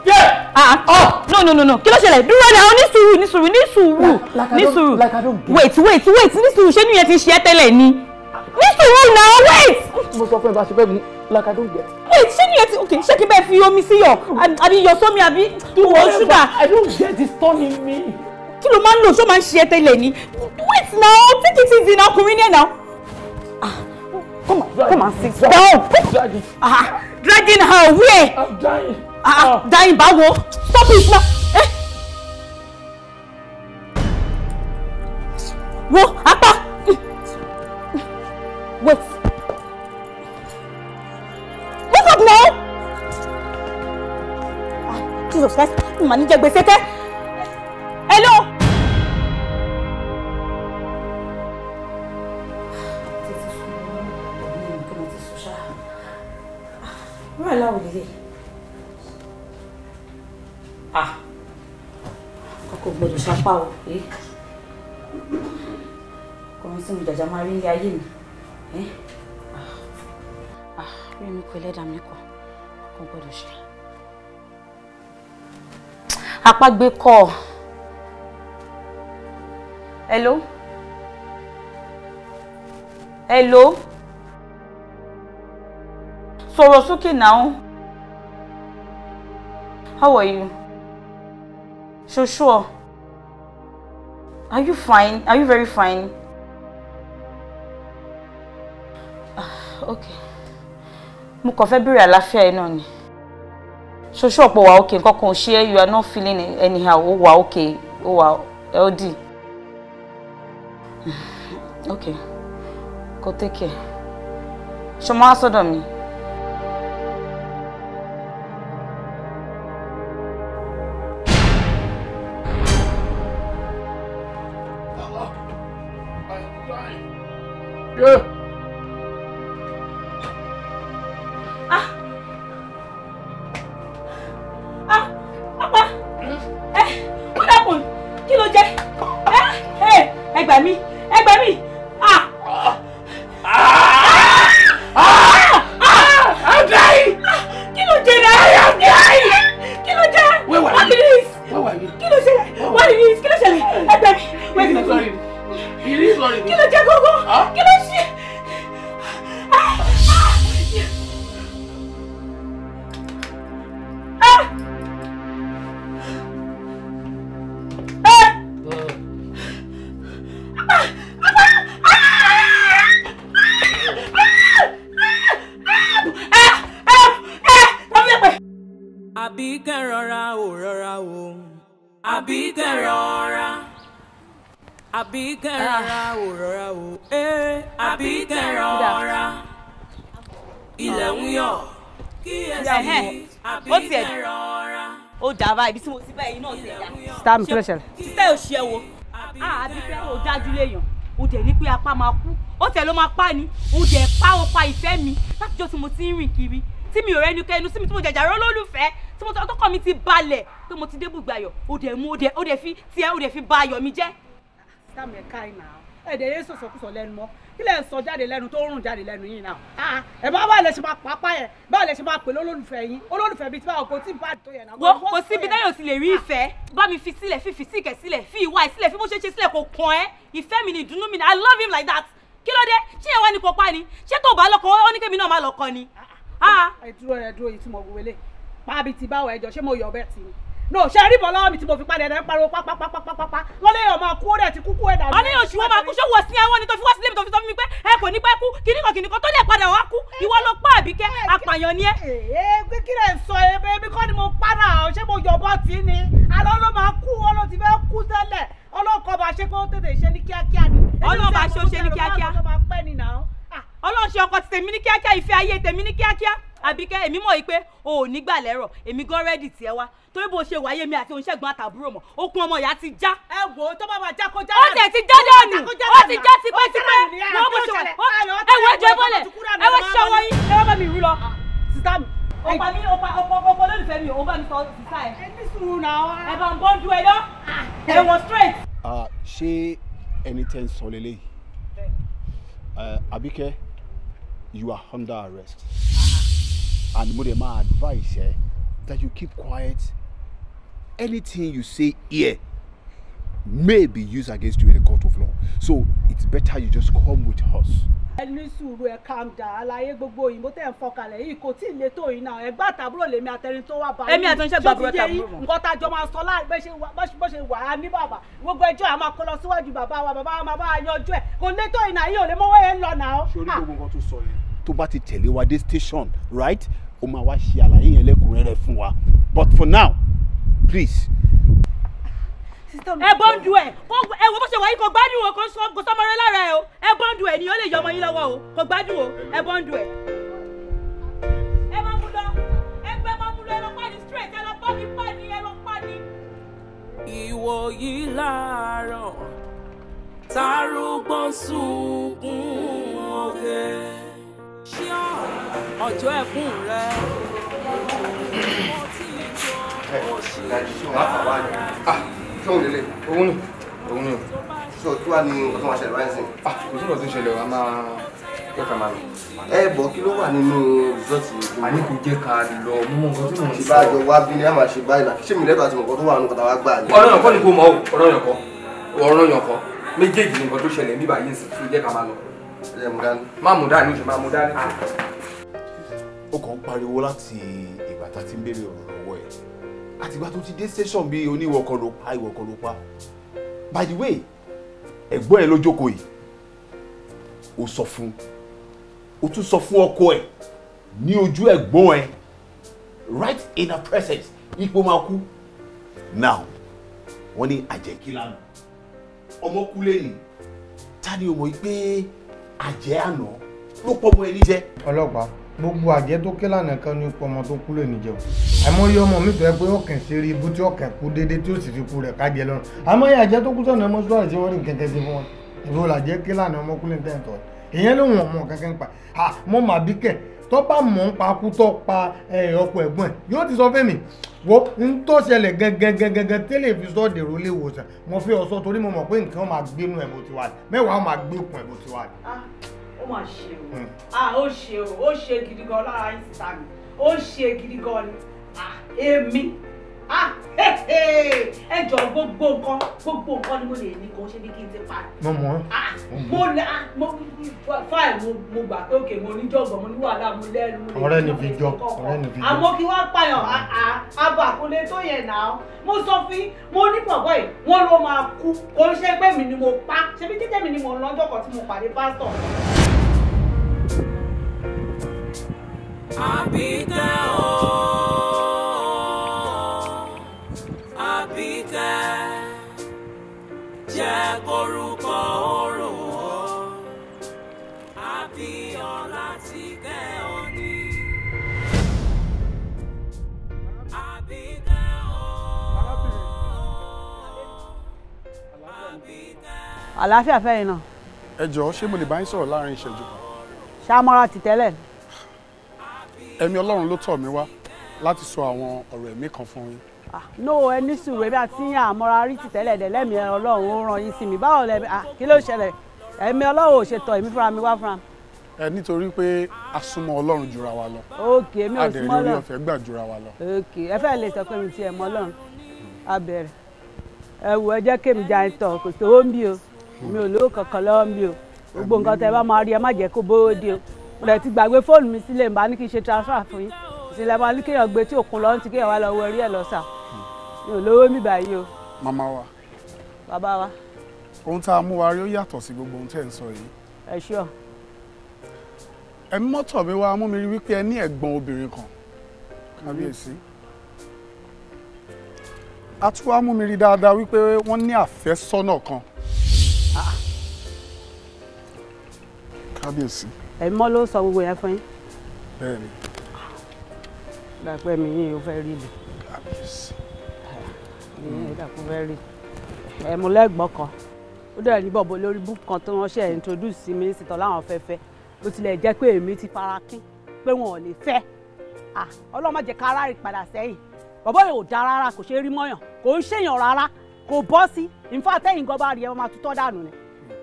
Yeah! Ah, ah, oh, no no no no kí ló ṣẹlẹ̀ dúró náà ah, ní sùúrù ní sùúrù ní sùúrù ní sùúrù wait wait wait ní sùúrù ṣé nìyẹn ti ṣe é tẹ́lẹ̀ ni ní sùúrù náà wait. mo sọ fún ẹ bá ṣe fẹ́ mu like I don't get. wait ṣé nìyẹn ti okay ṣé kí bẹ́ẹ̀ fi omi sí yọ hmm. àbí yọ sómi àbí wọ ṣúgà. I don't get this turning me. kí ló máa ń lò ṣó máa ń ṣe é tẹ́lẹ̀ ni wait now take it easy now ọkùnrin ní ẹ̀ náà. Come on, come and sit down. Dragging. Ah, dragging her away. I'm dying. Ah, ah, ah. dying, báwo. Stop it now. Eh? Wo, apá. Wait. Move up now. Ah, Jesus Christ, màá ní jẹ pa ò pé ọkùnrin tí mo jàjà máa rí ilé ayé mi rí ¿eh? ah, ah, mi kọ ẹlẹ́dàá mi kọ kò gbọ́dọ̀ ṣe. apágbé kọ hello hello sọ̀rọ̀ sókè náà how are you ṣoṣo. Sure, sure. Are you fine? Are you very fine? Ah, okay. Mo kàn fẹ́ bèrè àlàáfíà ẹ náà ni. Ṣoṣo ọ̀pọ̀ wa okay nǹkan kan ò ṣe you are not feeling anyhow ó wa okay ó wà LD. Hmm, okay. Go take care. Ṣọmọ á sọ́dọ̀ mi. chưa ừ. bàbá ibi tí mo ti bá ẹyin náà ti yà. sítá mi kí ló ṣẹlẹ̀. sísẹ́ ò ṣe wo ah, ah, àbífẹ́ ò dájú léèyàn o dẹ̀ ní pé apá máa kú ó tẹ̀ ló máa pa ni o dẹ̀ pa o pa ìfẹ́ mi látijọ́ tí mo ti ń rìn kiri tí mi ò rẹ́nu kẹ́nu sí mi tí mo jẹ̀jà rọ́ lólùfẹ́ tí mo tọ́ tọ́kọ̀ mi ti balẹ̀ pé mo ti dé bùgbàyọ̀ o dẹ̀ mú o dẹ̀ fi tiẹ̀ o dẹ̀ fi ba ayọ̀ mi jẹ́. sítá mi ẹ̀ka ìnà ẹ̀dẹ̀ yẹn sọ̀sọ̀kùsọ̀ lẹ́nu mọ́ kí lẹ ń sọ jáde lẹ́nu tó rùn jáde lẹ́nu yìí náà ẹ bá wà lẹ ṣe máa pápá yẹn báwo lẹ ṣe máa pè lólólùfẹ́ yín olólùfẹ́ bíi tí báwo tí ì bá tó yẹn náà. wo kò síbi dáyọ̀ ti lè rí ìfẹ́ bá mi fi sílẹ̀ fi fi síkẹ̀ sílẹ̀ fi ìwà ẹ̀ fi bó ṣe ṣe sílẹ̀ kò kàn ẹ́ ìfẹ́ mi ni ìdùnnú mi ni I love him like that kí ló dé ṣé ẹ wá ní kópa ni ṣé tó bá lọkọ ó ní kémi náà má lọkọ ni. ẹ dúró ẹ dúró ìtumọ̀ no ṣe rí bọ́lá mi tí mo fi padà ẹ̀dá pariwo pápápápápápá wọ́n lé ọmọ kú ó dẹ̀ ti kúkú ẹ̀dá. wọ́n ní oṣù wọn máa kú ṣó wọ sí ẹwọ́n ni tó fi wá sílé mi tó fi sọ fún mi pé ẹ kò ní pẹ́ kú kìnnìkan kìnnìkan tó lè padà wá kú ìwọ ló pa àbíkẹ́ apààyàn ni ẹ. ee kí lè sọ ebe mi kọ́ ni mo para ṣé mo yọ̀bọ tí ni alọ́ ló máa kú wọn ló ti fẹ́ kú tẹ́lẹ̀ ọlọ́kọ̀ bá ṣe kó tètè ṣe ní kíákíá ni. ọlọ́ọ̀ bá ṣe ó ṣe ní kíákíá ọlọ́run ṣe ọkọ ti tèmi ní kíákíá ìfẹ́ ayé tèmi ní kíákíá àbíkẹ́ èmi mọ̀ yìí o ò nígbà lẹ́rọ̀ èmi gan rẹ́dì tiẹ̀ wá torí bó ṣe wáyé mi àti oníṣègùn àtàbúrò mọ̀ okun ọmọ ìyá ti já. ẹ wo tó bá ma já kó já lánàá. ó tẹ̀ ti já dànù ó ti já tipẹ́tipẹ́ wọ́n bó ṣe wà ẹ wo ẹjọ́ bọ́lẹ̀ ẹ wọ́n ṣiṣẹ́ wọ́n yín ẹ wọ́n bá mi rú lọ. Ah, sísá mi. ọ̀pá mi ọ̀pá ọ̀pá ọ̀pá mi ò bá mi sọ sísá ẹ. ẹ sùúrù náà. ẹ bá ń bọ́ ju ẹyọ ẹ wọ straight. Ah, ṣé ẹni tẹ́ ń sọ lélẹ́yìí you are under arrest. Uh-huh. And mo my advice, advise eh, that you keep quiet. Anything you say here may be used against you in the court of law. So it's better you just come with us. ẹ sùúrù ẹ calm down àlàyé gbogbo òyìnbó tẹ̀ ń fọkàlẹ̀ yìí kò tí ì lè tó yìí náà ẹgbẹ́ àtàbúrò lèmi àtẹrin tó wà bá yìí èmi àtẹnṣẹ́ gbàgbọ́ tàbúrò mọ́ nǹkan tájọ máa sọ láàrin bó ṣe wà á ní bàbá gbogbo ẹjọ́ àá máa lọ síwájú bàbá wa bàbá wa máa bá a yanjú ẹ̀ kò lè tó yìí náà yìí ò lè mọ́wọ́ yẹn lọ náà. ṣé gbogbo nǹkan tó sọ yẹn tó bá ti tẹ̀lé wa dé station right o máa wá ṣe àlàyé yẹn lẹ́kùnrẹ́rẹ́ fún wa but for now please. ẹ bọ́ǹdù ẹ̀ ẹ wo bó ṣe wáyé kò gbádùn o kò sọmọrẹ lára ẹ o ẹ bọ́ǹdù ẹ̀ ni ó lè yọ ọmọ yín lọ́wọ́ o kò gbádùn o ẹ bọ́ǹdù ẹ̀. ẹ máa mú lọ ẹgbẹ́ máa mú lọ ẹ lọ pa straight ẹ lọ pa ni ẹ lọ pa ni. ìwòyí láàárọ̀ tárúgbọ́n sunkún ọ̀gẹ́. Okay ṣíọ́n ọjọ́ ẹ̀kún rẹ mo ti jọ oṣù rẹ. ṣé òun lélẹ̀ òun ni òun ni o ṣé o tí wàá ní ọdún wa ṣẹlẹ̀ báyìí sí. Ah, kò sí ọdún ṣẹlẹ̀ wa máa kí ló wà nínú rìsọ́ọ̀tì yìí. àní kò jẹ́ ká lọ mú nǹkan tí mò ń sọ. ìbájọ wá bí ní àmàṣe báyìí náà ṣé mi lẹ́tọ̀ọ́ àti mọ̀kọ́ tó wà nù kọ́ta wá gbà ọ̀rọ̀ yàn kọ́ ni kò mọ̀ ọ́ ọ̀rọ̀ yàn kọ́ ọ̀rọ̀ yàn kọ́ méjèèjì nǹkan tó ṣẹlẹ̀ níbàyí ń sìn jẹ́ ká máa lọ ẹ̀jẹ̀ mú dání má mú dání ṣe má mú dání. Ah. ó kàn ń pariwo láti ìgbà tá a ti ń béèrè ọ̀rọ̀ lọ́wọ́ ẹ̀ àtìgbà tó ti dé station bíi oníwọ̀kọ̀ ló pa ìwọ̀kọ̀ ló pa by the way ẹ̀gbọ́n ẹ̀ ló jókòó yìí ó sọ fún ó tún sọ fún ọkọ ẹ̀ ní ojú ẹ̀gbọ́n ẹ̀ right in her presence ipò máa kú now wọ́n ní àjẹkí lánàá ọmọkú lẹ́yìn ta ni o mọ̀ pé àjẹ́ àná ló pọ̀ mọ́ ẹni jẹ́. ọlọ́pàá gbogbo àjẹ́ tó ké lánàá kan ní ọmọ tó kú lè níjẹ o àmọye ọmọ mi tọ́ pé ọkàn ṣe rí ibú tí ọkàn kú déédéé tí ó sì fi kú rẹ̀ kájẹ lọ́rùn àmọye àjẹ́ tó kú sọ̀nà mọ́ṣúárì tí wọ́n rí kẹ̀kẹ́ sí fún wọn ìrora àjẹ́ ké lánàá ọmọkùnrin tẹ̀ ń tọ́ ìyẹn ló wọ̀n mọ̀ kankan pa mọ́ màbíkẹ̀ tó bá mọ̀ ń pa kú tó pa ọkọ̀ ẹ̀gbọ́n ẹ̀ yóò ti sọ fún mi wo n tó ṣẹlẹ̀ gẹ́gẹ́gẹ́gẹ́ tẹ́lẹ̀ fi sọ dèrò ilé ìwòsàn mo fi ọ̀sọ́ torí mo mọ̀ pé nǹkan máa gbénu ẹ̀ bó ti wà mẹ́wàá máa gbé kun ẹ̀ bó ti wà. Ah, ó mà ṣe o hmm. ah ó ṣe o ó ṣe gidi gan lára ìsìta mi ó ṣe gidi gan ni ah, èmi Ah, ẹ jọ gbogbo nǹkan gbogbo nǹkan ni mo lè ní kò ṣe bí kí n ti pa. mo mọ ah, mo lẹ mo ah, fáì mo gbà pé òkè mo ní jọgbọn mo ní wàhálà mo lẹnu mo lè ní ọ̀rẹ́ ní fi jọ ọ̀rẹ́ ní fi jọ. àmọ́ kí wàá pààyàn abọ àkọlé tó yẹn náà mo sọ fún mo ní pọ̀pọ̀ yìí wọ́n ló máa kú kò ń ṣe pé mi ni mo pa ṣebí títẹ̀ mi ni mo lọ́jọ́ kan tí mo pàdé pásítọ̀. àbí tẹ́ o. àlàáfíà fẹ́yìn náà. ẹ jọ̀ọ́ ṣé mo lè bá yín sọ̀rọ̀ láàrin ìṣẹ́jú kan. ṣàmọ́ra ti tẹ́lẹ̀. ẹ̀mí ọlọ́run ló tọ̀ mí wá láti sọ àwọn ọ̀rọ̀ ẹ̀mí kan fún yín. Ah, no ẹ ní sùúrù ẹbí àti yín àmọ́ra rí ti tẹ́lẹ̀ dẹ̀ lẹ́mìí ọlọ́run ó ràn yín sí mi báwo lẹ́mí ah, kí ló ṣẹlẹ̀ ẹ̀mí ọlọ́run ò ṣe tọ̀ èmi fúnra mi wá fúnra ẹ nítorí pé a súnmọ́ Ọlọ́run jura wa lọ ok mi ò súnmọ́ Ọlọ́run adẹ̀rẹ̀ orí ọ̀fẹ́ gbà jura wa lọ. ok ẹ fẹ́ lè sọ pé mi ti ẹ̀ mọ́ Ọlọ́run abẹ́rẹ́ ẹ wò ẹ jẹ́ kémi jà mi ò lówó kankan lọ́wọ́ mi o gbogbo nǹkan tẹ ẹ bá máa rí ẹ má jẹ́ kó bówó di o mo lè ti gbàgbé fóònù mi sílẹ̀ nbà ní kí n ṣe transfer fún yín ìsìnlẹ̀ máa ní kéèyàn gbé tí òkun lọ́n ti kéèyàn wá lọ wọ orí ẹ̀ lọ́sà mi ò lówó mi báyìí o. màmá wa bàbá wa. ohun tá a mú wa rí ó yàtọ̀ sí gbogbo ohun tẹ́ ẹ̀ ń sọ yìí. ẹ ṣọ́. ẹ̀mí mọ́tò mi wá mú mi rí wípé ẹ ní ẹ̀gbọ́n obìnrin kan kábíyèsí a tún wá mú mi rí dáadáa wípé wọ́n ní àfẹ́sọ́nà kan kábíyèsí. ẹ̀mí mọ́ ló sọ gbogbo yẹn fún yín. bẹ́ẹ̀ni. dàpẹ́ mi yìí ó fẹ́ rí ibì. kábíyèsí. ẹ̀mí dàpọ̀ fẹ́ rí ẹ̀mú lẹ́gbọ̀ọ́ kan ó dẹ̀ rí bọ̀bọ̀ lórí búk kan tó wọ́n ṣe introduce sí mi sí tọ́lá àwọn fẹ́fẹ́ bó tilẹ̀ jẹ́ pé èmi ti fara kín pé wọn ò lè fẹ́ ọlọ́mọ jẹ́ ká ara padà sẹ́yìn bọ̀bọ̀ yóò da rárá kò ṣe é rí mọ́yàn kò ń ṣèyàn rárá kò bọ́ sí in fact tẹ́yìn gan bá rí ẹ máa tutọ́ dànù ni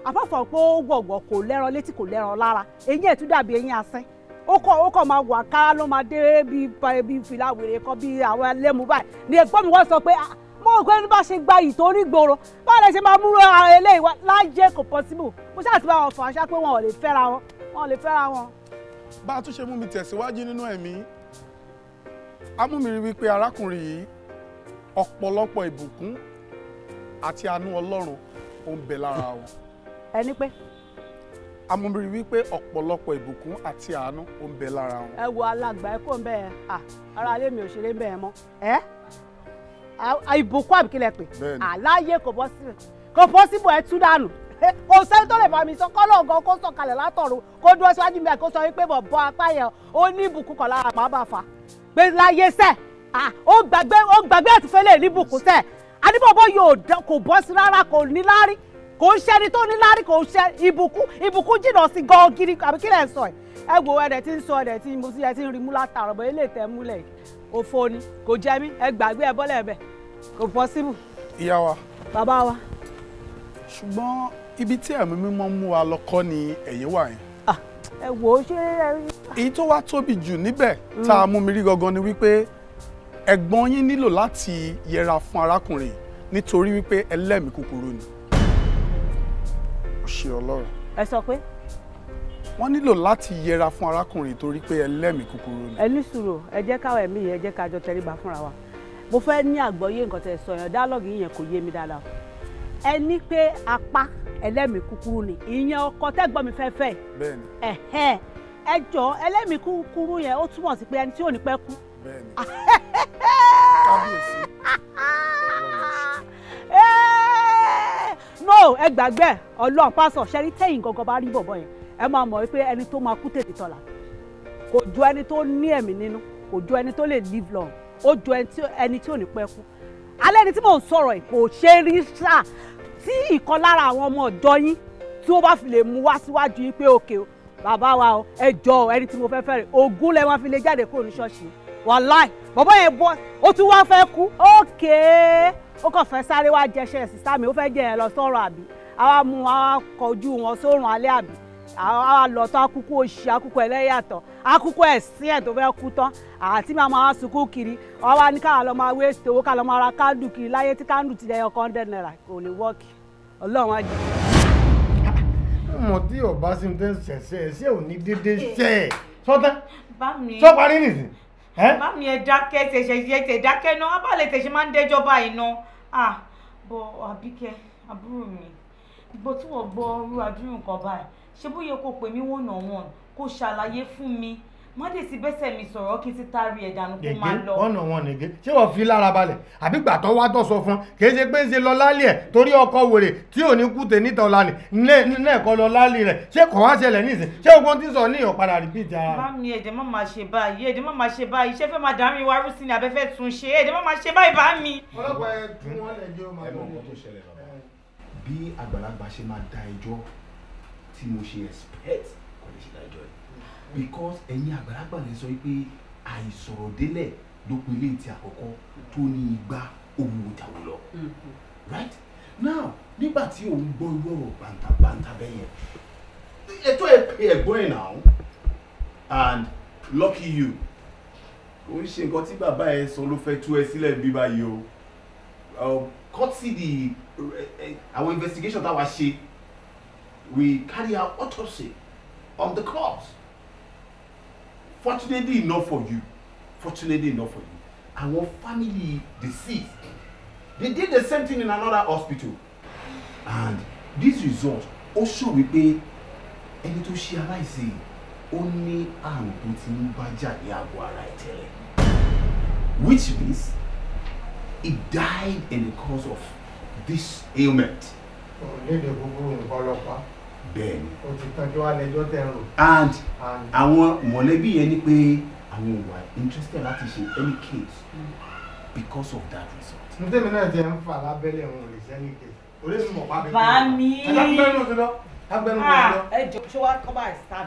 àbáfọ̀ pé ó gbọ̀gbọ̀ kò lẹ́ran létí kò lẹ́ran lára eyín ẹ̀ tún dàbí eyín asẹ́ ó kọ̀ ó kọ̀ máa wà kára ló máa dé bíi bíi fìlà wèrè kan bíi àwọn ẹlẹ́mu báyìí ni ẹ̀gbọ́n mi wọ́n sọ pé ah, mo rò pé ní bá ṣe gba ìtorí gbòòrò báwo lè ṣe máa múrò àwọn eléyìí wá lájẹ́ kò possible mo ṣáà ti bá wọn fà á ṣá pé wọn ò lè fẹ́ra wọn wọn ò lè fẹ́ra wọn. bá a tún ṣe mú mi tẹ̀síwájú nínú ẹ̀mí amúmiri wípé arákùnrin yìí ọ̀pọ̀lọpọ̀ ìbùkún àti àánú ọlọ́run ó ń bẹ lára wọn ẹni pé. amúmiri wípé ọ̀pọ̀lọpọ̀ ìbùkún àti àánú ó ń bẹ lára wọn. ẹ wo alàgbà ẹ kò ń bẹ ẹ ara ilé mi ò ṣeré bẹ́ẹ̀ mọ́ ẹ ìbùkún àbíkílẹ̀ pé àláyé kò bọ́ sí kò bọ́ síbò ẹ tú dànù kò sẹ́ni tó lè bá mi sọ kọ́lọ̀ gan kó sọ̀kalẹ̀ látọ̀run kó dúró síwájú mi kó sọ wípé bọ̀bọ̀ apá yẹn ó ní ìbùkún kan lára àpá bá fa pé láyé sẹ́ ó gbàgbé ó gbàgbé àtúfẹ́lẹ̀ ní ìbùkún sẹ́ adébọ̀bọ̀ yóò kò bọ́ sí rárá kò ní láárí kò ń ṣẹni tó ní lárí kò ń ṣe ìbùkún ìbùkún jìnnà sí gan gidi àbí kí lẹ̀ ń sọ ẹ̀ ẹ wo ẹ̀dẹ̀ tí ń sọ ẹ̀dẹ̀ tí mo ti ẹ ti ń rí mú látàrọ̀ bọ́ ilé ìtẹ́ múlẹ̀ òfo ni kò jẹ́ mí ẹ gbàgbé ẹ bọ́lẹ̀ ẹ̀bẹ̀ kò possible. ìyá wa. bàbá wa. ṣùgbọ́n ibi tí ẹ̀mí mímọ́ mú wa lọ kọ́ ni ẹ̀yìn wà yẹn ah, ẹ wò ó ṣe. èyí tó wá tóbi jù níbẹ̀ tá a mú mi rí gangan ni wípé ẹ̀gbọ́n yín nílò láti yẹra fún arákùnrin nítorí wípé ẹlẹ́mìí kúkúrú ni ṣe ọlọ́run. ẹ sọ pé. wọ́n nílò láti yẹra fún arákùnrin torí pé ẹlẹ́mìí kúkúrú ni. ẹ ní sùúrù ẹ jẹ́ káwọn ẹ̀mí yẹn ẹ jẹ́ kájọ tẹríba fúnra wa mo fẹ́ ní àgbọ́yé nǹkan tẹ̀ sọ yẹn dáálọ́gì yẹn kò yé mi dáadáa ẹ ní pé apá ẹlẹ́mìí kúkúrú ni ìyẹn ọkọ tẹ́gbọ́n mi fẹ́fẹ́ ẹ̀ ẹ jọ ẹlẹ́mìí kúkúrú yẹn ó túmọ̀ sí pé ẹni tí ò ní pẹ́ kú bẹ́ẹ̀ni eh! no ẹ gbàgbẹ́ ọlọ́run pásọ̀ ṣẹ́rí tẹ̀yìn gangan bá rí bọ̀bọ̀ yẹn ẹ máa mọ̀ wípé ẹni tó máa kú tètè tọ̀la kò ju ẹni tó ní ẹ̀mí nínú kò ju ẹni tó lè live long ó ju ẹni tí ò ní pẹ́ kú alẹ́ ni tí mò ń sọ̀rọ̀ yìí kò ṣe rí sáà tí ìkan lára àwọn ọmọ ọ̀dọ́ yín tí ó bá fi lè mú wá síwájú yín pé òkè bàbá wa ẹ jọ ẹni tí mo fẹ́ fẹ́ rẹ̀ ogún lẹ́ wọ́n fi lè jáde kúrò ní ṣọ́ọ̀ṣì yìí wàláì bọ̀bọ̀ yẹn bọ́ ó tún wá fẹ́ kú ókè ó kàn fẹ́ sáré wá jẹṣẹ́ sísá mi ó fẹ́ jẹ ẹ̀ lọ sọ́run àbí àwa mú àwa kọjú wọn sórun alẹ́ àbí àwa lọ tán akúkú òṣì akúkú ẹlẹ́yàtọ̀ akúkú ẹ̀sìn ẹ̀ tó fẹ́ kú tán àti màmá wa sunkún kiri àwa ní káwa lọ́ọ́ máa wéṣẹ̀ owó káwa lọ́ọ́ máa ra kándù kiri láyé tí kándù ti dẹyọ kọ́ńdẹ̀ náírà kò lè wọ́ọ̀kì ọlọ́run á jẹ. ọmọ tí ọba sí mi tẹ́ ń ṣẹ̀ṣẹ̀ ṣé ò ní déédéé eh. ṣẹ́ ẹ̀ sọ́tẹ́ sọ́parí nìsín má ẹ dákẹ́ tẹ̀sẹ̀ yẹ dákẹ́ náà abálẹ̀ tẹ̀sẹ̀ máa ń dẹ́jọ́ báyìí náà ah bọ̀ àbíkẹ́ àbúrò mi gbọ́ tí wọ́n gbọ́ irú àdúrà nǹkan báyìí ṣé bóyá kò pè mí wọ̀nà wọn kò ṣàlàyé fún mi mọ́dé sí bẹ́sẹ̀ mi sọ̀rọ̀ kí n ti taari ẹ̀ dànù kó máa lọ. ọ̀nà wọn nìge ṣé wọ́n fi lára balẹ̀ àbí gbàtọ́ wá tọ̀ sọ fún un kì í ṣe pé ń ṣe lọ lálẹ́ ẹ̀ torí ọkọ wèrè tí ò ní kú tè ọ̀la nì nílẹ̀ ẹ̀kọ́ lọ lálẹ́ rẹ̀ ṣé kò wá ṣẹlẹ̀ níìsín ṣé ogun ti sọ níyàn padà rìpíìtì ara. bá mi ẹ̀jẹ̀ má máa ṣe báyìí ẹ̀jẹ̀ má máa ṣe báyìí iṣẹ́ fẹ́ máa dàmí wa rú sí ni abẹ́fẹ́ tún ṣe ẹ̀jẹ̀ má máa ṣe báyìí bá mi. ọlọ́pàá ẹ tún because ẹ̀yin àgbàlagbà lè sọ pé àìsọ̀rọ̀ délẹ̀ ló pe ilé ti àkọ́kọ́ tó ní igba ohun ìjàwó lọ mm-hmm. right now nígbà tí òun gbọ́ irú ọ̀rọ̀ bàǹtàbàǹtà bẹ́ẹ̀ yẹn ẹ̀tọ́ ẹ̀gbọ́n ẹ̀ náà and lucky you ó ń ṣe nǹkan tí bàbá ẹ sọ ló fẹ́ tú ẹ sílẹ̀ bí báyìí o um, cut see the our eh, eh, investigation that was ṣe we carry out autopsy on the corpse fortunately enough for you fortunately enough for you and one family deceased they did the same thing in another hospital and this result also we pay. ẹni tó ṣe aláìsí ó ní àrùn tó ti ń bájà ní àgọ́ ara ẹ̀ tẹ́lẹ̀ which means he died in the cause of this ailment. òun lè dè gbogbo bẹ́ẹ̀ni. o ti tọjú alẹjọ tẹrun. and àwọn mọ̀lẹ́bí yẹn ni pé àwọn ò wà interested láti ṣe any case because of that result. n tẹ́mi náà jẹ́ ń fà lábẹ́lẹ̀ òun lè ṣe any case orí mi mọ̀ pa bẹ́ẹ̀. bá mi. ẹ lágbẹ́nu mi lọ lágbẹ́nu mi lọ. Ah, ẹ jọ ṣé wàá kọ́ bá ẹ̀ sáà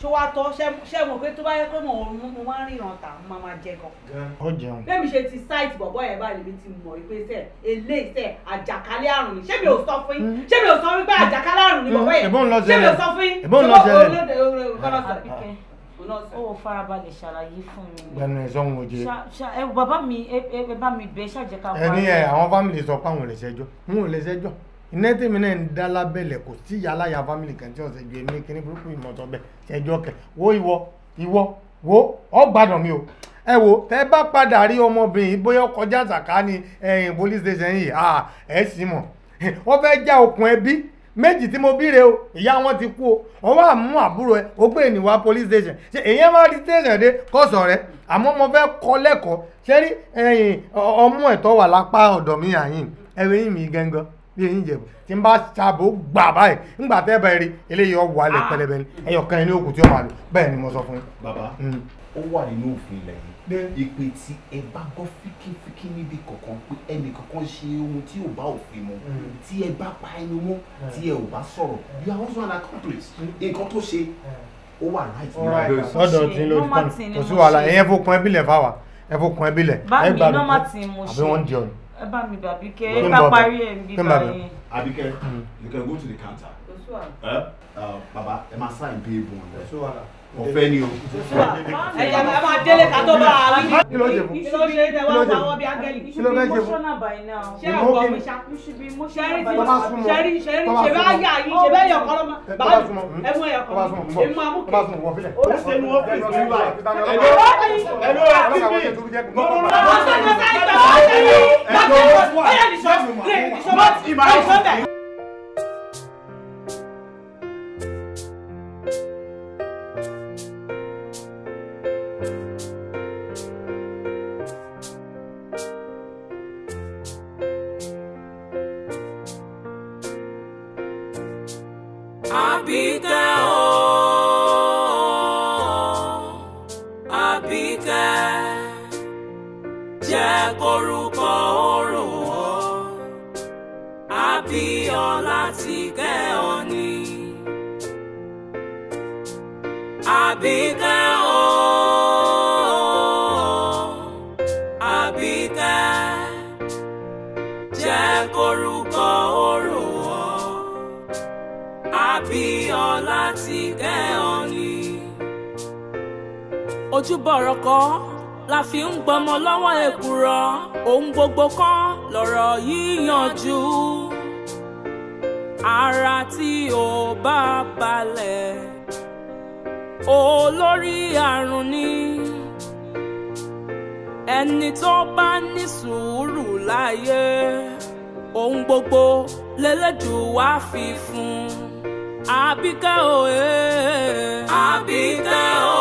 ṣé wàá tọ́ ṣé mo pé tó bá yẹ pé mo mo máa ń ríran tà mo máa jẹ gan. ó jẹun. bẹ́ẹ̀ mi ṣe ti ṣáìtì bọ̀bọ̀ yẹn báyìí mi ti mọ̀ wípé sẹ́ èlé sẹ́ àjàkálẹ̀ àrùn ni ṣé mi ò sọ fún yín mm-hmm. ṣé mi ò sọ wípé àjàkálẹ̀ àrùn ni bọ̀bọ̀ yẹn mm-hmm. ṣé mi ò sọ fún yín. ìbọn lọ o ó farabalẹ̀ ṣàlàyé fún mi. gbẹnu ẹ̀sọ́ wọn jẹ. ẹ bàbá mi ẹ bá mi bẹ ṣàjẹká. ẹ ní ẹ àwọn fámìlì sọ pé àwọn ò lè ṣẹjọ́ wọn ò lè ṣẹjọ́ iná tèmi náà ń dá lábẹ́lẹ̀ kò sí ìyá aláya family kan tí ọ̀sẹ̀ ju èmi kíní burúkú ìmọ̀tọ́ bẹ̀ ṣẹjọ́ kẹ̀ wo ìwọ ìwọ wo ọgbàdàn mi o ẹ wo tẹ bá padà rí ọmọbìnrin bóyá kọjá sàká ni ẹ̀yìn police station yìí ẹ sì mọ̀ wọ́n fẹ́ já okùn ẹbí méjì tí mo bíre o ìyá wọn ti kú o wọn wà mú àbúrò ẹ o gbé ìníwá police station ṣe èyàn máa rí station dé kọsàn rẹ àmọ́ mo fẹ́ kọ́ lẹ́kọ̀ọ́ ṣé rí ẹ̀yìn ọmú ẹ̀tọ́ wà lápá ọ̀dọ̀ mi àyìn ẹ̀rọ yìí mi gángan bí eyín jẹ̀bù tí n bá ṣàbò gbà báyìí ńgbà tẹ́ bẹ̀rẹ̀ rí eléyìí ọ wà lẹ̀ ah. pẹlẹbẹ ni ẹyọ kan ní òkú tí ó máa lò bẹ́ẹ̀ ni mo sọ fún yín. bàbá hmm. ó wà nínú òfin ilẹ̀ yìí ìpè tí ẹ bá gbọ́ fíkífíkí níbi kọ̀ọ̀kan pé ẹnì kankan ṣe ohun tí ò bá òfin mu hmm. tí ẹ bá pa ẹni mọ́ hmm. tí ẹ ò bá sọ̀rọ̀ you are also an accomplice nǹkan tó ṣe ó wà láìsí nínú ọ̀dọ̀ ọ̀dọ̀ tí ló kọ́ kò sí wàhálà ẹ̀yẹ́ fún kun ẹbí lẹ̀ fáwa ẹ fún àbí wọ́n ń di ọ̀nà ẹ bá mi bàbí kẹ ẹ ká parí ẹ ń bí báyìí. Abike hmm. you can go to the counter. bàbá ẹ máa sign bí egbò wọn ọ̀fẹ́ ni o. ẹ̀yà mi máa délé ká tó bá a rí. kí ló jẹ fún kí ló jẹ kí ló jẹ fún kí ló fẹ́ jẹ fún. ṣé ọkọ mi ṣẹ́rí ti ṣẹ́rí ṣẹ́rí ṣe bá yà yín ṣe bẹ́ẹ̀ yọkọ lọ́mọ báyìí ẹ mú ẹ̀yọkọ mi èmi máa mú kí. ó ṣe nu ọ́fíìsì mi wá ẹ̀ló ẹ̀ló ẹ̀kí mi. mo sọ ma ṣe ìgbà wọ́n ṣe yìí. bàtà ìṣọ́ ìṣọ́ bá ti ìṣọ́ bẹ̀. gbọ́mọ lọ́wọ́ èkùrọ́ ohun gbogbo kan lọ̀rọ̀ yíyanjú ara tí ò bá balẹ̀ olórí àrùn ni ẹni tó bá ní sùúrù láyé ohun gbogbo lélẹ́jù wá fi fún Àbíkẹ́ òye Àbíkẹ́ òye.